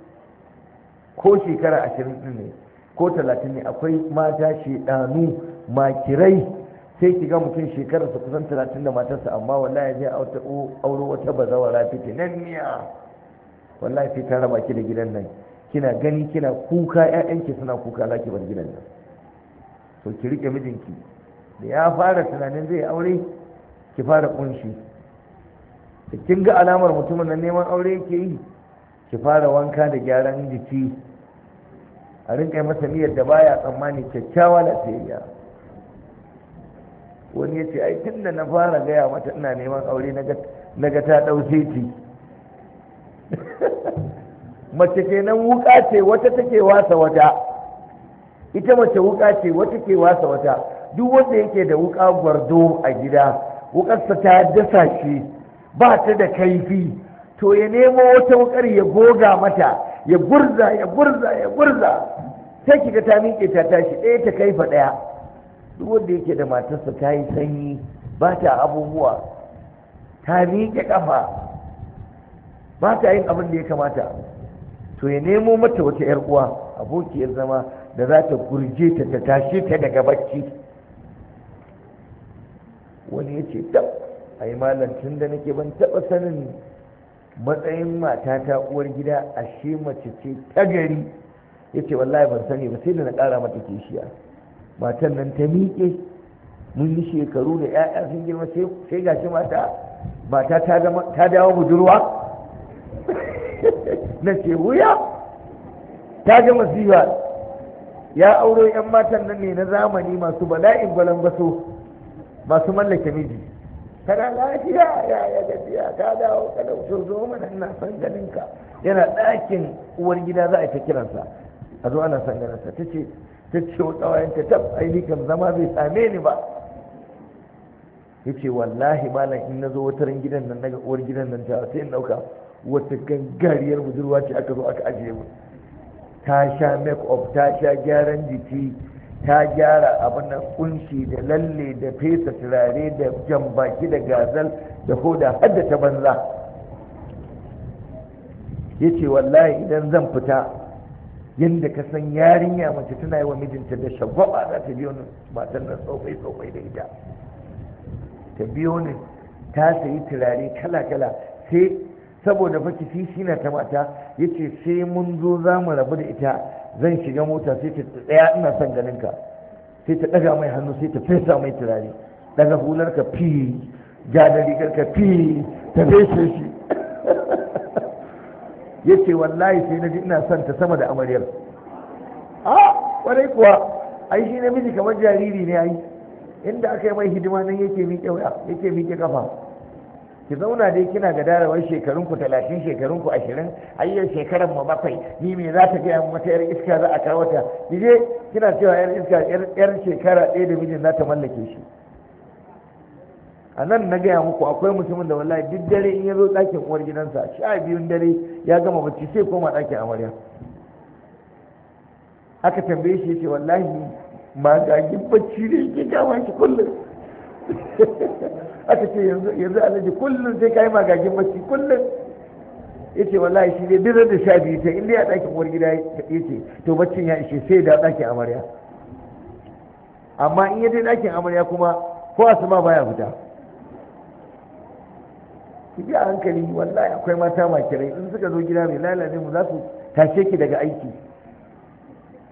ko shekara ashirin ɗin ne ko talatin ne akwai mata shedanu makirai sai ki ga mutum shekarar su kusan talatin da matarsa amma wallahi zai auro wata bazawara fitinanniya wallahi sai ta raba ki da gidan nan kina gani kina kuka ƴaƴanki suna kuka za ki bar gidan nan to ki rike mijinki da ya fara tunanin zai aure ki fara kunshi da kin ga alamar mutumin nan neman aure yake yi ki fara wanka da gyaran jiki a rinka masa niyyar da baya tsammani kyakkyawa lafiyayya wani ya ce ai tun da na fara gaya mata ina neman aure na ga ta ɗau seti mace kenan wuka ce wata take wasa wata ita mace wuka ce wata ke wasa wata duk wanda yake da wuka gwardo a gida wukarsa ta dasa shi ba ta da kaifi to ya nemo wata wukar ya goga mata ya burza ya burza ya burza sai kiga ta miƙe ta tashi ɗaya ta kaifa ɗaya duk wanda yake da matarsa ta yi sanyi ba ta abubuwa ta miƙe ƙafa ba ta yin abin da ya kamata to ya nemo mata wata 'yar uwa abokiyar zama da za ta gurje ta ta tashi ta daga bacci wani ya ce tab a yi malam tun da nake ban taɓa sanin matsayin mata ta uwar gida ashe mace ce ta gari ya ce wallahi ban sani ba sai da na ƙara mata kishiya matan nan ta miƙe mun yi shekaru da 'ya'ya sun girma sai ga shi mata mata ta dawo budurwa na ce wuya ta ga masifa ya auro 'yan matan nan ne na zamani masu bala'in gwalangwaso masu mallake miji kana lafiya ya ya gajiya ka dawo ka dauke zo mana ina son ganin yana ɗakin uwar gida za a ta kiransa a zo ana son ganin ta ce ta ce wa tab ai kan zama bai same ni ba yace wallahi malam in na nazo ran gidan nan daga uwar gidan nan ta sai in dauka wata gangariyar budurwa ce aka zo aka ajiye mu ta sha make up ta sha gyaran jiki ta gyara abin da kunshi da lalle da fesa turare da jan baki da gazal da hoda har da ta banza ya ce wallahi idan zan fita yadda ka san yarinya mace tana yi wa mijinta da shagwaba za ta biyo ni matan nan tsofai tsofai da ita ta biyo ni ta sayi turare kala kala sai saboda fa shi na ta mata ya ce sai mun zo za mu rabu da ita zan shiga mota sai ta tsaya ina son ganin ka sai ta daga mai hannu sai ta fesa mai turare daga hular ka fi ga da rigar ka fi ta fesa shi ya wallahi sai na ji ina son ta sama da amaryar a ah, kwarai kuwa ai shi namiji kamar jariri ne ai inda aka yi mai hidima nan yake miƙe yake miƙe kafa ki zauna dai kina ga darawar shekarun ku talatin shekarun ku ashirin ayyar shekaran mu bakwai ni me za ta gaya mata yar iska za a kawo ta ki je kina cewa yar iska yar shekara ɗaya da mijin za ta mallake shi a nan na gaya muku akwai mutumin da wallahi duk dare in ya zo ɗakin uwar gidansa sha biyun dare ya gama bacci sai koma dakin amarya aka tambaye shi ce wallahi magagin bacci ne ke kama shi kullum aka ce yanzu alhaji kullum sai kayi magagin bacci kullum Ya ce, wallahi shi ne duk da sha biyu ta inda ya ɗakin uwar gida ce to baccin ya ishe sai da ɗakin amarya amma in ya dai ɗakin amarya kuma ko asuma baya fita ki bi a hankali wallahi akwai mata makirai in suka zo gida mai lalace mu za su tashe ki daga aiki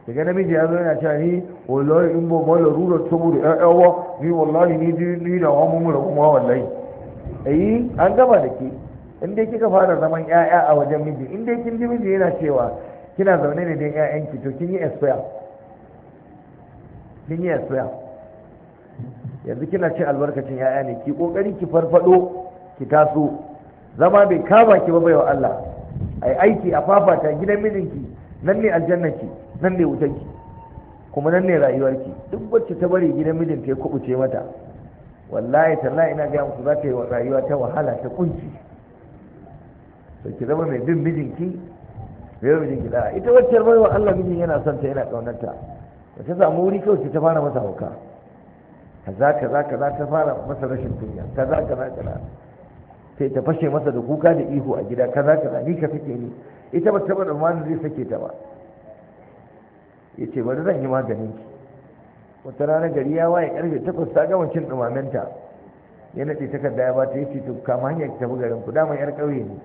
daga namiji ya zo yana cewa ni wallahi in ba ma larura da ƴaƴawa ni wallahi ni ni da wa mun rabu ma wallahi eh an gaba da ke in dai kika fara zaman ƴaƴa a wajen miji in dai kin ji miji yana cewa kina zaune ne ƴaƴan ki to kin yi expire kin yi expire yanzu kina cin albarkacin ƴaƴa ne ki kokari ki farfado ki taso zama bai kama ki ba baiwa Allah ai aiki a fafata gidan mijinki nan ne aljannaki ki nan ne ki kuma nan ne rayuwarki duk wacce ta bari gidan mijinta ya kubuce mata wallahi tallahi ina gaya muku za ta yi rayuwa ta wahala ta kunci to ki zama mai bin mijinki mijin mijinki da ita wacce wa Allah mijin yana son ta yana kaunarta ba ta samu wuri kawai ta fara masa hauka kaza kaza kaza ta fara masa rashin kunya kaza kaza kaza sai ta fashe masa da kuka da ihu a gida kaza kaza ni ka fike ni ita ba ta bada ma zai sake ta ba ya ce bari zan yi maganin ki wata rana gari ya waye karfe takwas ta gama cin dumamenta ya naɗe takarda ya bata ya ce to kama hanyar ki tafi garin ku dama yar ƙauye ne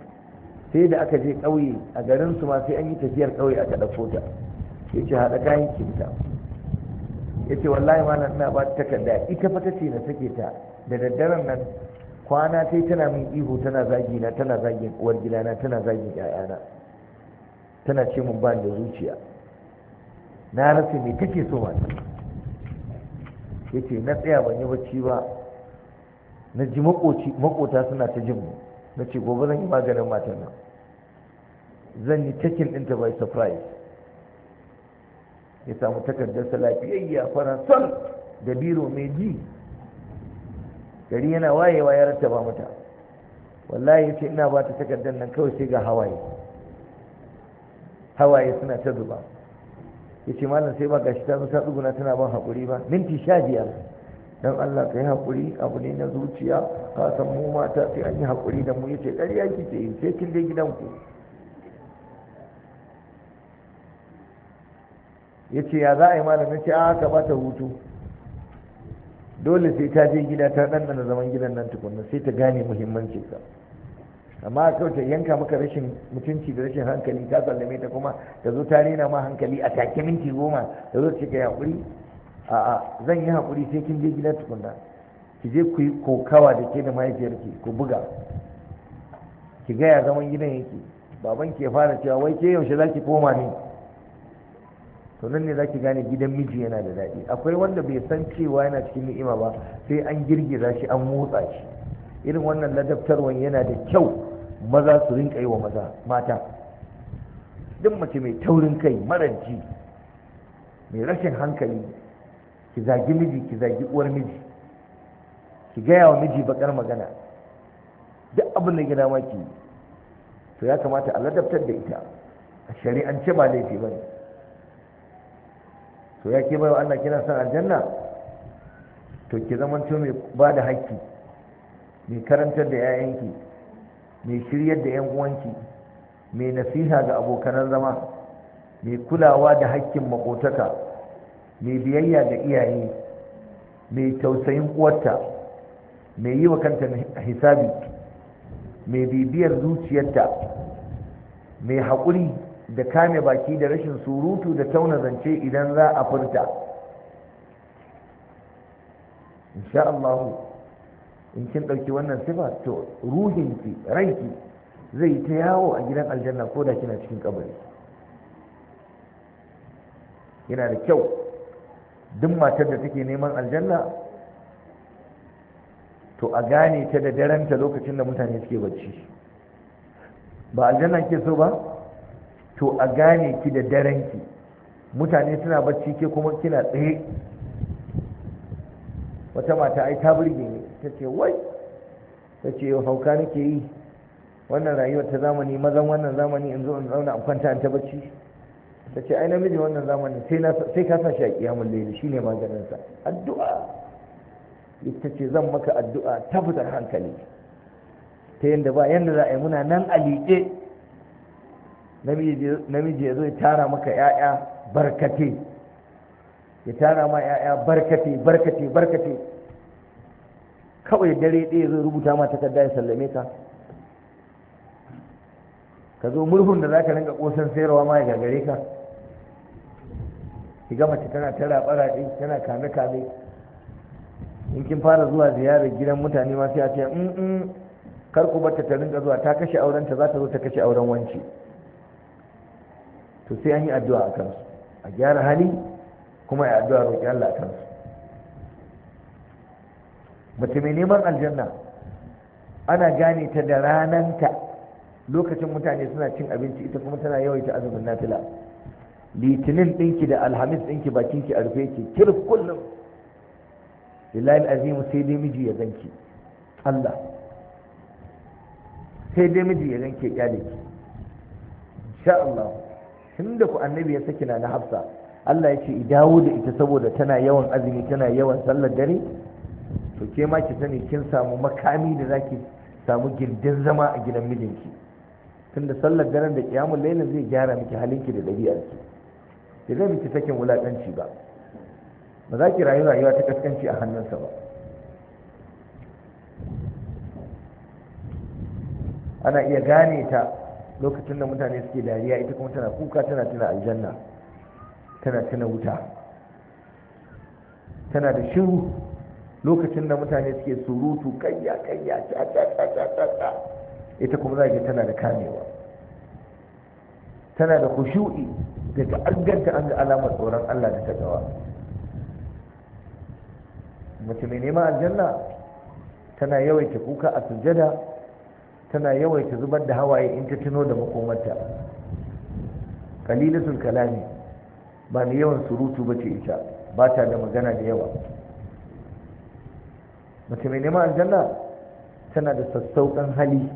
sai da aka je ƙauye a garin su ma sai an yi tafiyar ƙauye aka ɗauko ta ya ce haɗa kayan ki ta ya ce wallahi ma na ba ta takarda ita fa ta ce na sake ta da daddaren nan kwana sai tana min ihu tana zagi na tana zagin uwar gidana tana zagin 'ya'yana tana ce mun ba da zuciya na rasa me take so Ya ce na tsaya ban yi bacci ba na ji makoci makota suna ta jin mu na ce gobe zan yi maganin matan nan zan yi cikin ɗinta by surprise ya samu sa lafiyayya faransan da biro mai ji gari yana wayewa ya rattaba mata wallahi ya ce ina ba ta takardar nan kawai sai ga hawaye hawaye suna ta zuba yace ce malam sai ba gashi ta musa tsuguna tana ban haƙuri ba minti sha biyar don Allah ka yi haƙuri abu ne na zuciya ka san mu mata sai an yi haƙuri da mu ya ce ƙarya kike yi sai kin je gidanku ya ya za a yi malam ce a ka bata hutu dole sai ta je gida ta ɗanɗana zaman gidan nan tukunna sai ta gane muhimmancin ka amma kawai ta yanka maka rashin mutunci da rashin hankali ta sallame ta kuma ta zo ta rena ma hankali a take minti goma ta zo ce ka haƙuri a'a zan yi haƙuri sai kin je gidan tukunna ki je ku yi kokawa da ke da mahaifiyarki ku buga ki gaya zaman gidan yake baban ke fara cewa wai ke yaushe za ki koma ne to nan ne za ki gane gidan miji yana da daɗi akwai wanda bai san cewa yana cikin ni'ima ba sai an girgiza shi an motsa shi irin wannan ladabtarwan yana da kyau maza su rinka yi wa maza mata duk mace mai taurin kai maranci mai rashin hankali ki zagi miji ki zagi uwar miji ki gaya wa miji bakar magana duk abin da gina maki to ya kamata a ladabtar da ita a shari'ance ba laifi ba ne to ya ke bai wa Allah kina son aljanna to ki zamanto mai ba da haƙƙi mai karantar da 'ya'yanki mai shiryar da 'yan uwanki mai nasiha ga abokanar zama mai kulawa da hakkin maƙotaka, mai biyayya ga iyaye mai tausayin uwarta mai yi wa kanta hisabi mai bibiyar zuciyarta mai haƙuri da kame baki da rashin surutu da tauna zance idan za a furta insha'allahu in kin ɗauki wannan sifa to ruhinki ranki zai ta yawo a gidan aljanna ko da kina cikin kabari yana da kyau duk matar da take neman aljanna to a gane ta da daranta lokacin da mutane suke bacci ba aljanna ke so ba to a gane ki da daranki mutane suna bacci ke kuma kina tsaye wata mata ai ta burge ni ta ce wai ta ce hauka nake yi wannan rayuwar ta zamani mazan wannan zamani in zo in zauna in kwanta in ta bacci ta ce ai namiji wannan zamani sai ka sa shi a kiyamun laili ne maganinsa addu'a ita ce zan maka addu'a ta fitar hankali ta yadda ba yadda za a yi muna nan a liƙe namiji ya zo ya tara maka 'ya'ya barkate ya tara ma 'ya'ya barkate barkate barkate kawai dare ɗaya zai rubuta ma takarda ya sallame ka ka zo murhun da za ka ringa ƙosan sayarwa ma ya gagare ka ki gama ta tana tara ɓaraɗe tana kame kame in kin fara zuwa ziyarar gidan mutane ma sai a ce in mm, mm, kar ku bata ta ringa zuwa ta kashe ta za ta zo ta kashe auren wanci to sai an yi addu'a a kansu a gyara hali kuma ya addu'a roƙi Allah kan su mace mai neman aljanna ana gane ta da rananta lokacin mutane suna cin abinci ita kuma tana yawaita azumin nafila litinin ɗinki da alhamis ɗinki bakinki a rufe ki kirif kullum lillahi azimu sai dai miji ya ganki Allah sai dai miji ya ganki ya kyale ki insha Allah tun da ku annabi ya saki na na hafsa Allah ya ce dawo da ita saboda tana yawan azumi tana yawan sallar dare to ke ma ki sani kin samu makami da zaki samu gindin zama a gidan mijinki tunda sallar daren da kiyamul laila zai gyara miki halinki da dabi'arki da zai miki sakin wulakanci ba ba za ki rayu rayuwa ta kaskanci a hannunsa ba ana iya gane ta lokacin da mutane suke dariya ita kuma tana kuka tana tana aljanna tana tana wuta tana da shiru lokacin da mutane suke surutu kayya kayya ta ta ta ta ta ita kuma zai tana da kamewa tana da kushu'i da ta'agganta an ga alamar tsoron Allah da takawa mace mai neman aljanna tana yawaita kuka a sujada, tana yawaita zubar da hawaye in ta tuno da makomarta qalilatul kalami ba mai yawan surutu ba ce ita ba ta da magana da yawa mace mai neman aljanna tana da sassauƙan hali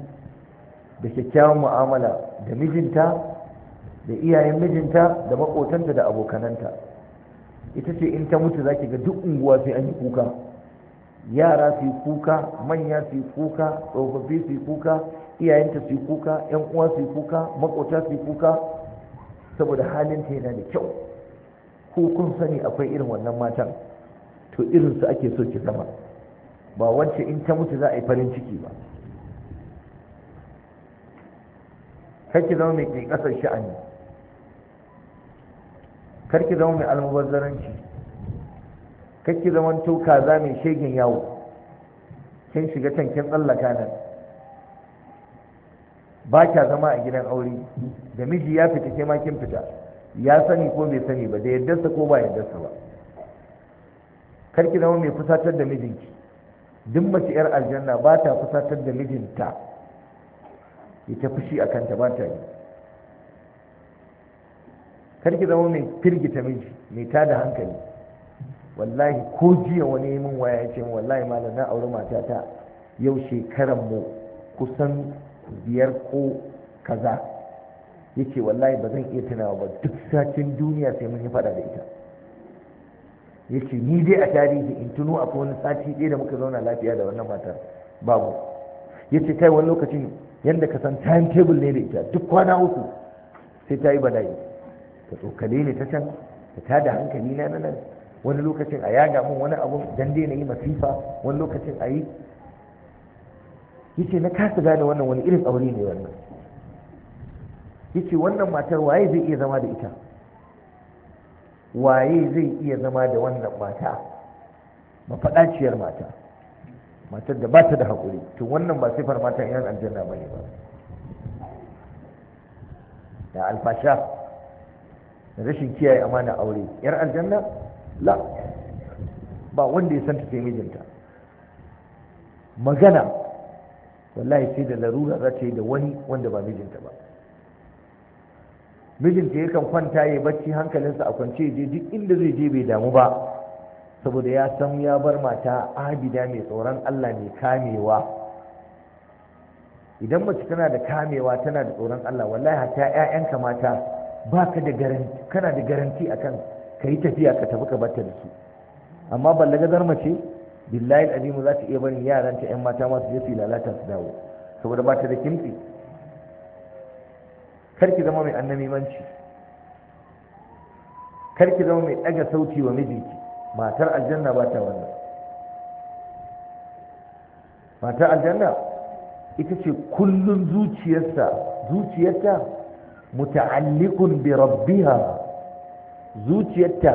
da kyakkyawan mu'amala da mijinta da iyayen mijinta da maƙotanta, da abokananta ita ce in ta mutu za ki ga duk unguwa sai an yi kuka yara su yi kuka manya su yi kuka tsofaffi su yi kuka iyayenta su yi kuka yan uwa su yi kuka makota su yi kuka saboda halinta yana da kyau ko kun sani akwai irin wannan matan to irin su ake so ki zama ba wacce in ta mutu za a yi farin ciki ba ki zama mai ke kasar sha'ani karki zama mai almubazzaranci ki zama to kaza mai shegin yawo kin shiga can kin tsallaka nan ba kya zama a gidan aure da miji ya fita ke ma kin fita ya sani ko bai sani ba da yaddarsa ko ba yaddarsa ba karki zama mai fusatar da mijinki duk mace yar aljanna ba ta fusatar da mijinta ya ta fushi a kanta ba ta yi karki zama mai firgita miji mai tada hankali wallahi ko jiya wani min waya ya ce wallahi malam na auri matata yau shekaran mu kusan biyar ko kaza yace wallahi ba zan iya tunawa ba duk satin duniya sai mun yi fada da ita yace ni dai a tarihi in tuno akwai wani sati ɗaya da muka zauna lafiya da wannan matar babu yace kai wani lokacin yadda ka san time table ne da ita duk kwana uku sai ta yi bala'i ta tsokale ne ta can ta tada hankali na nan wani lokacin a yaga mun wani abu dan dai na yi masifa wani lokacin a yi yace na kasa gane wannan wani irin aure ne wannan yace wannan matar waye zai iya zama da ita waye zai iya zama da wannan mata mafaɗaciyar mata matar da ba ta da haƙuri to wannan ba sifar mata yan aljanna ba ne ba da alfasha da rashin kiyaye amana aure yar aljanna la ba wanda ya santa sai mijinta magana wallahi sai da larura za ta yi da wani wanda ba mijinta ba mijinta yakan kwanta ya bacci hankalinsa a kwance je duk inda zai je bai damu ba saboda ya san ya bar mata abida mai tsoron Allah mai kamewa idan mace tana da kamewa tana da tsoron Allah wallahi hatta ƴaƴanka mata baka da garanti kana da garanti akan kai tafiya ka tafi ka bata da su amma zar mace billahi alazimu za ta iya barin yaranta ƴan mata masu je su lalata su dawo saboda ba ta da kimtsi karki zama mai annamimanci karki zama mai ɗaga sauti wa mijinki matar aljanna ba ta wannan matar aljanna ita ce kullum zuciyarsa zuciyarta muta'alliqun bi rabbiha zuciyarta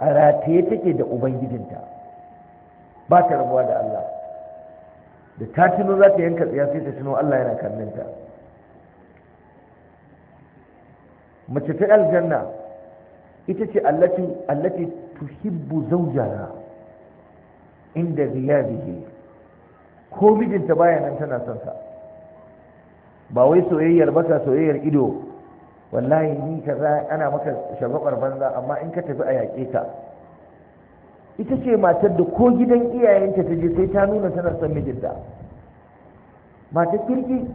a rataye take da ubangijinta ba ta rabuwa da Allah da ta tuno za ta yanka tsiya sai ta tuno Allah yana ta mace ta aljanna ita ce allati allati tuhibbu zawjaha inda ghiyabihi ko mijinta baya nan tana son sa ba wai soyayyar ba ta soyayyar ido wallahi ni kaza ana maka shagabar banza amma in ka tafi a yaƙe ka ita ce matar da ko gidan iyayenta ta je sai ta nuna tana son mijinta Mata kirki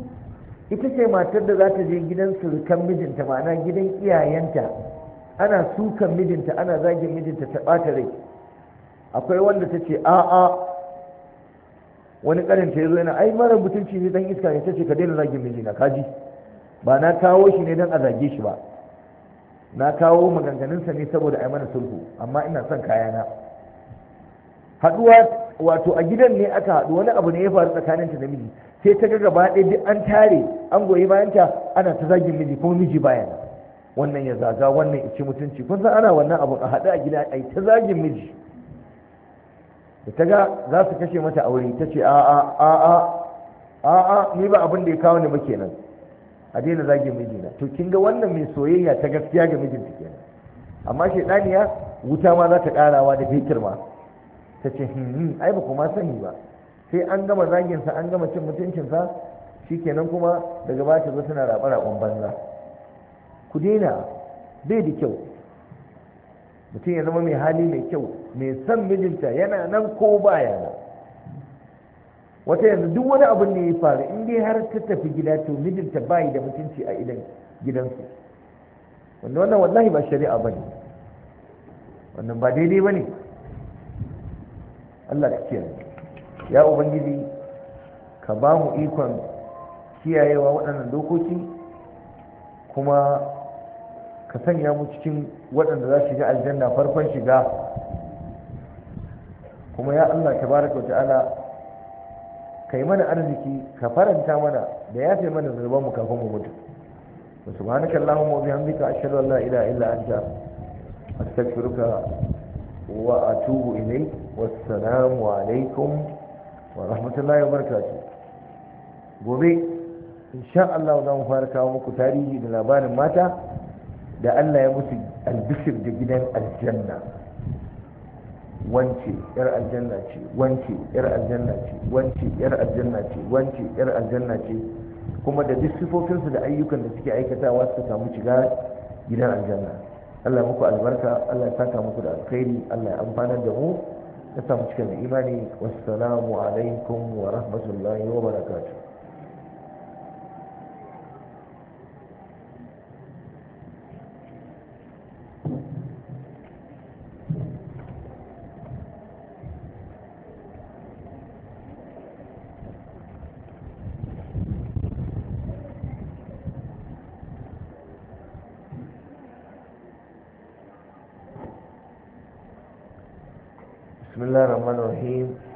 ita ce matar da za ta je gidan surukan mijinta ma'ana gidan iyayenta ana sukan mijinta ana zagin mijinta ta ɓata rai akwai wanda ta ce a'a wani ta ya zo yana ai mara mutunci ne dan iska ne ta ce ka daina zagin mijina kaji ba na kawo shi ne don a zage shi ba na kawo maganganunsa ne saboda ai mana sulhu amma ina son kayana haɗuwa wato a gidan ne aka haɗu wani abu ne ya faru tsakaninta da miji sai ta ga gaba ɗaya duk an tare an goyi bayanta ana ta zagin miji kuma miji baya wannan ya zaga wannan ci mutunci kun san ana wannan abu a haɗu a gida a ta zagin miji da ta ga za su kashe mata aure ta ce a'a a'a a'a ni ba abin da ya kawo ni ba kenan a daina zagin miji na. to kin ga wannan mai soyayya ta gaskiya ga mijinta kenan amma shaidaniya wuta ma za ta karawa da fitir ma ta ce hini hmm, hmm, ai ba kuma sani ba sai an gama zaginsa an gama cin mutuncinsa shikenan kuma daga ba ta zo tana raɓa raɓon banza ku daina bai da kyau mutum ya zama mai hali mai kyau mai san mijinta yana nan ko baya nan wata yanzu duk wani abin da ya faru in dai har ta tafi gida to mijinta bayi da mutunci a idan gidansu wannan wallahi ba shari'a ba ne wannan ba daidai ba ne Allah ka kiyaye ya ubangiji ka ba mu ikon kiyayewa waɗannan dokoki kuma ka sanya mu cikin waɗanda za shiga aljanna farkon shiga kuma ya Allah ta wa ta'ala ka yi mana arziki ka faranta mana da ya fi mana mu kafin mu mutu subhanakallahumma wa bihamdika ashhadu an la ilaha illa anta astaghfiruka وأتوب إليه والسلام عليكم ورحمة الله وبركاته gobe insha Allah za mu fara kawo muku tarihi da labarin mata da Allah ya mutu albishir da gidan aljanna wance yar aljanna ce wance yar aljanna ce wance yar aljanna ce wance yar aljanna ce kuma da duk sifofinsu da ayyukan da suke aikatawa suka samu shiga gidan aljanna Allah muku albarka Allah ya saka muku da alkhairi Allah ya amfanar da mu ya samu cikin imani wassalamu alaikum wa rahmatullahi wa barakatuh الرحيم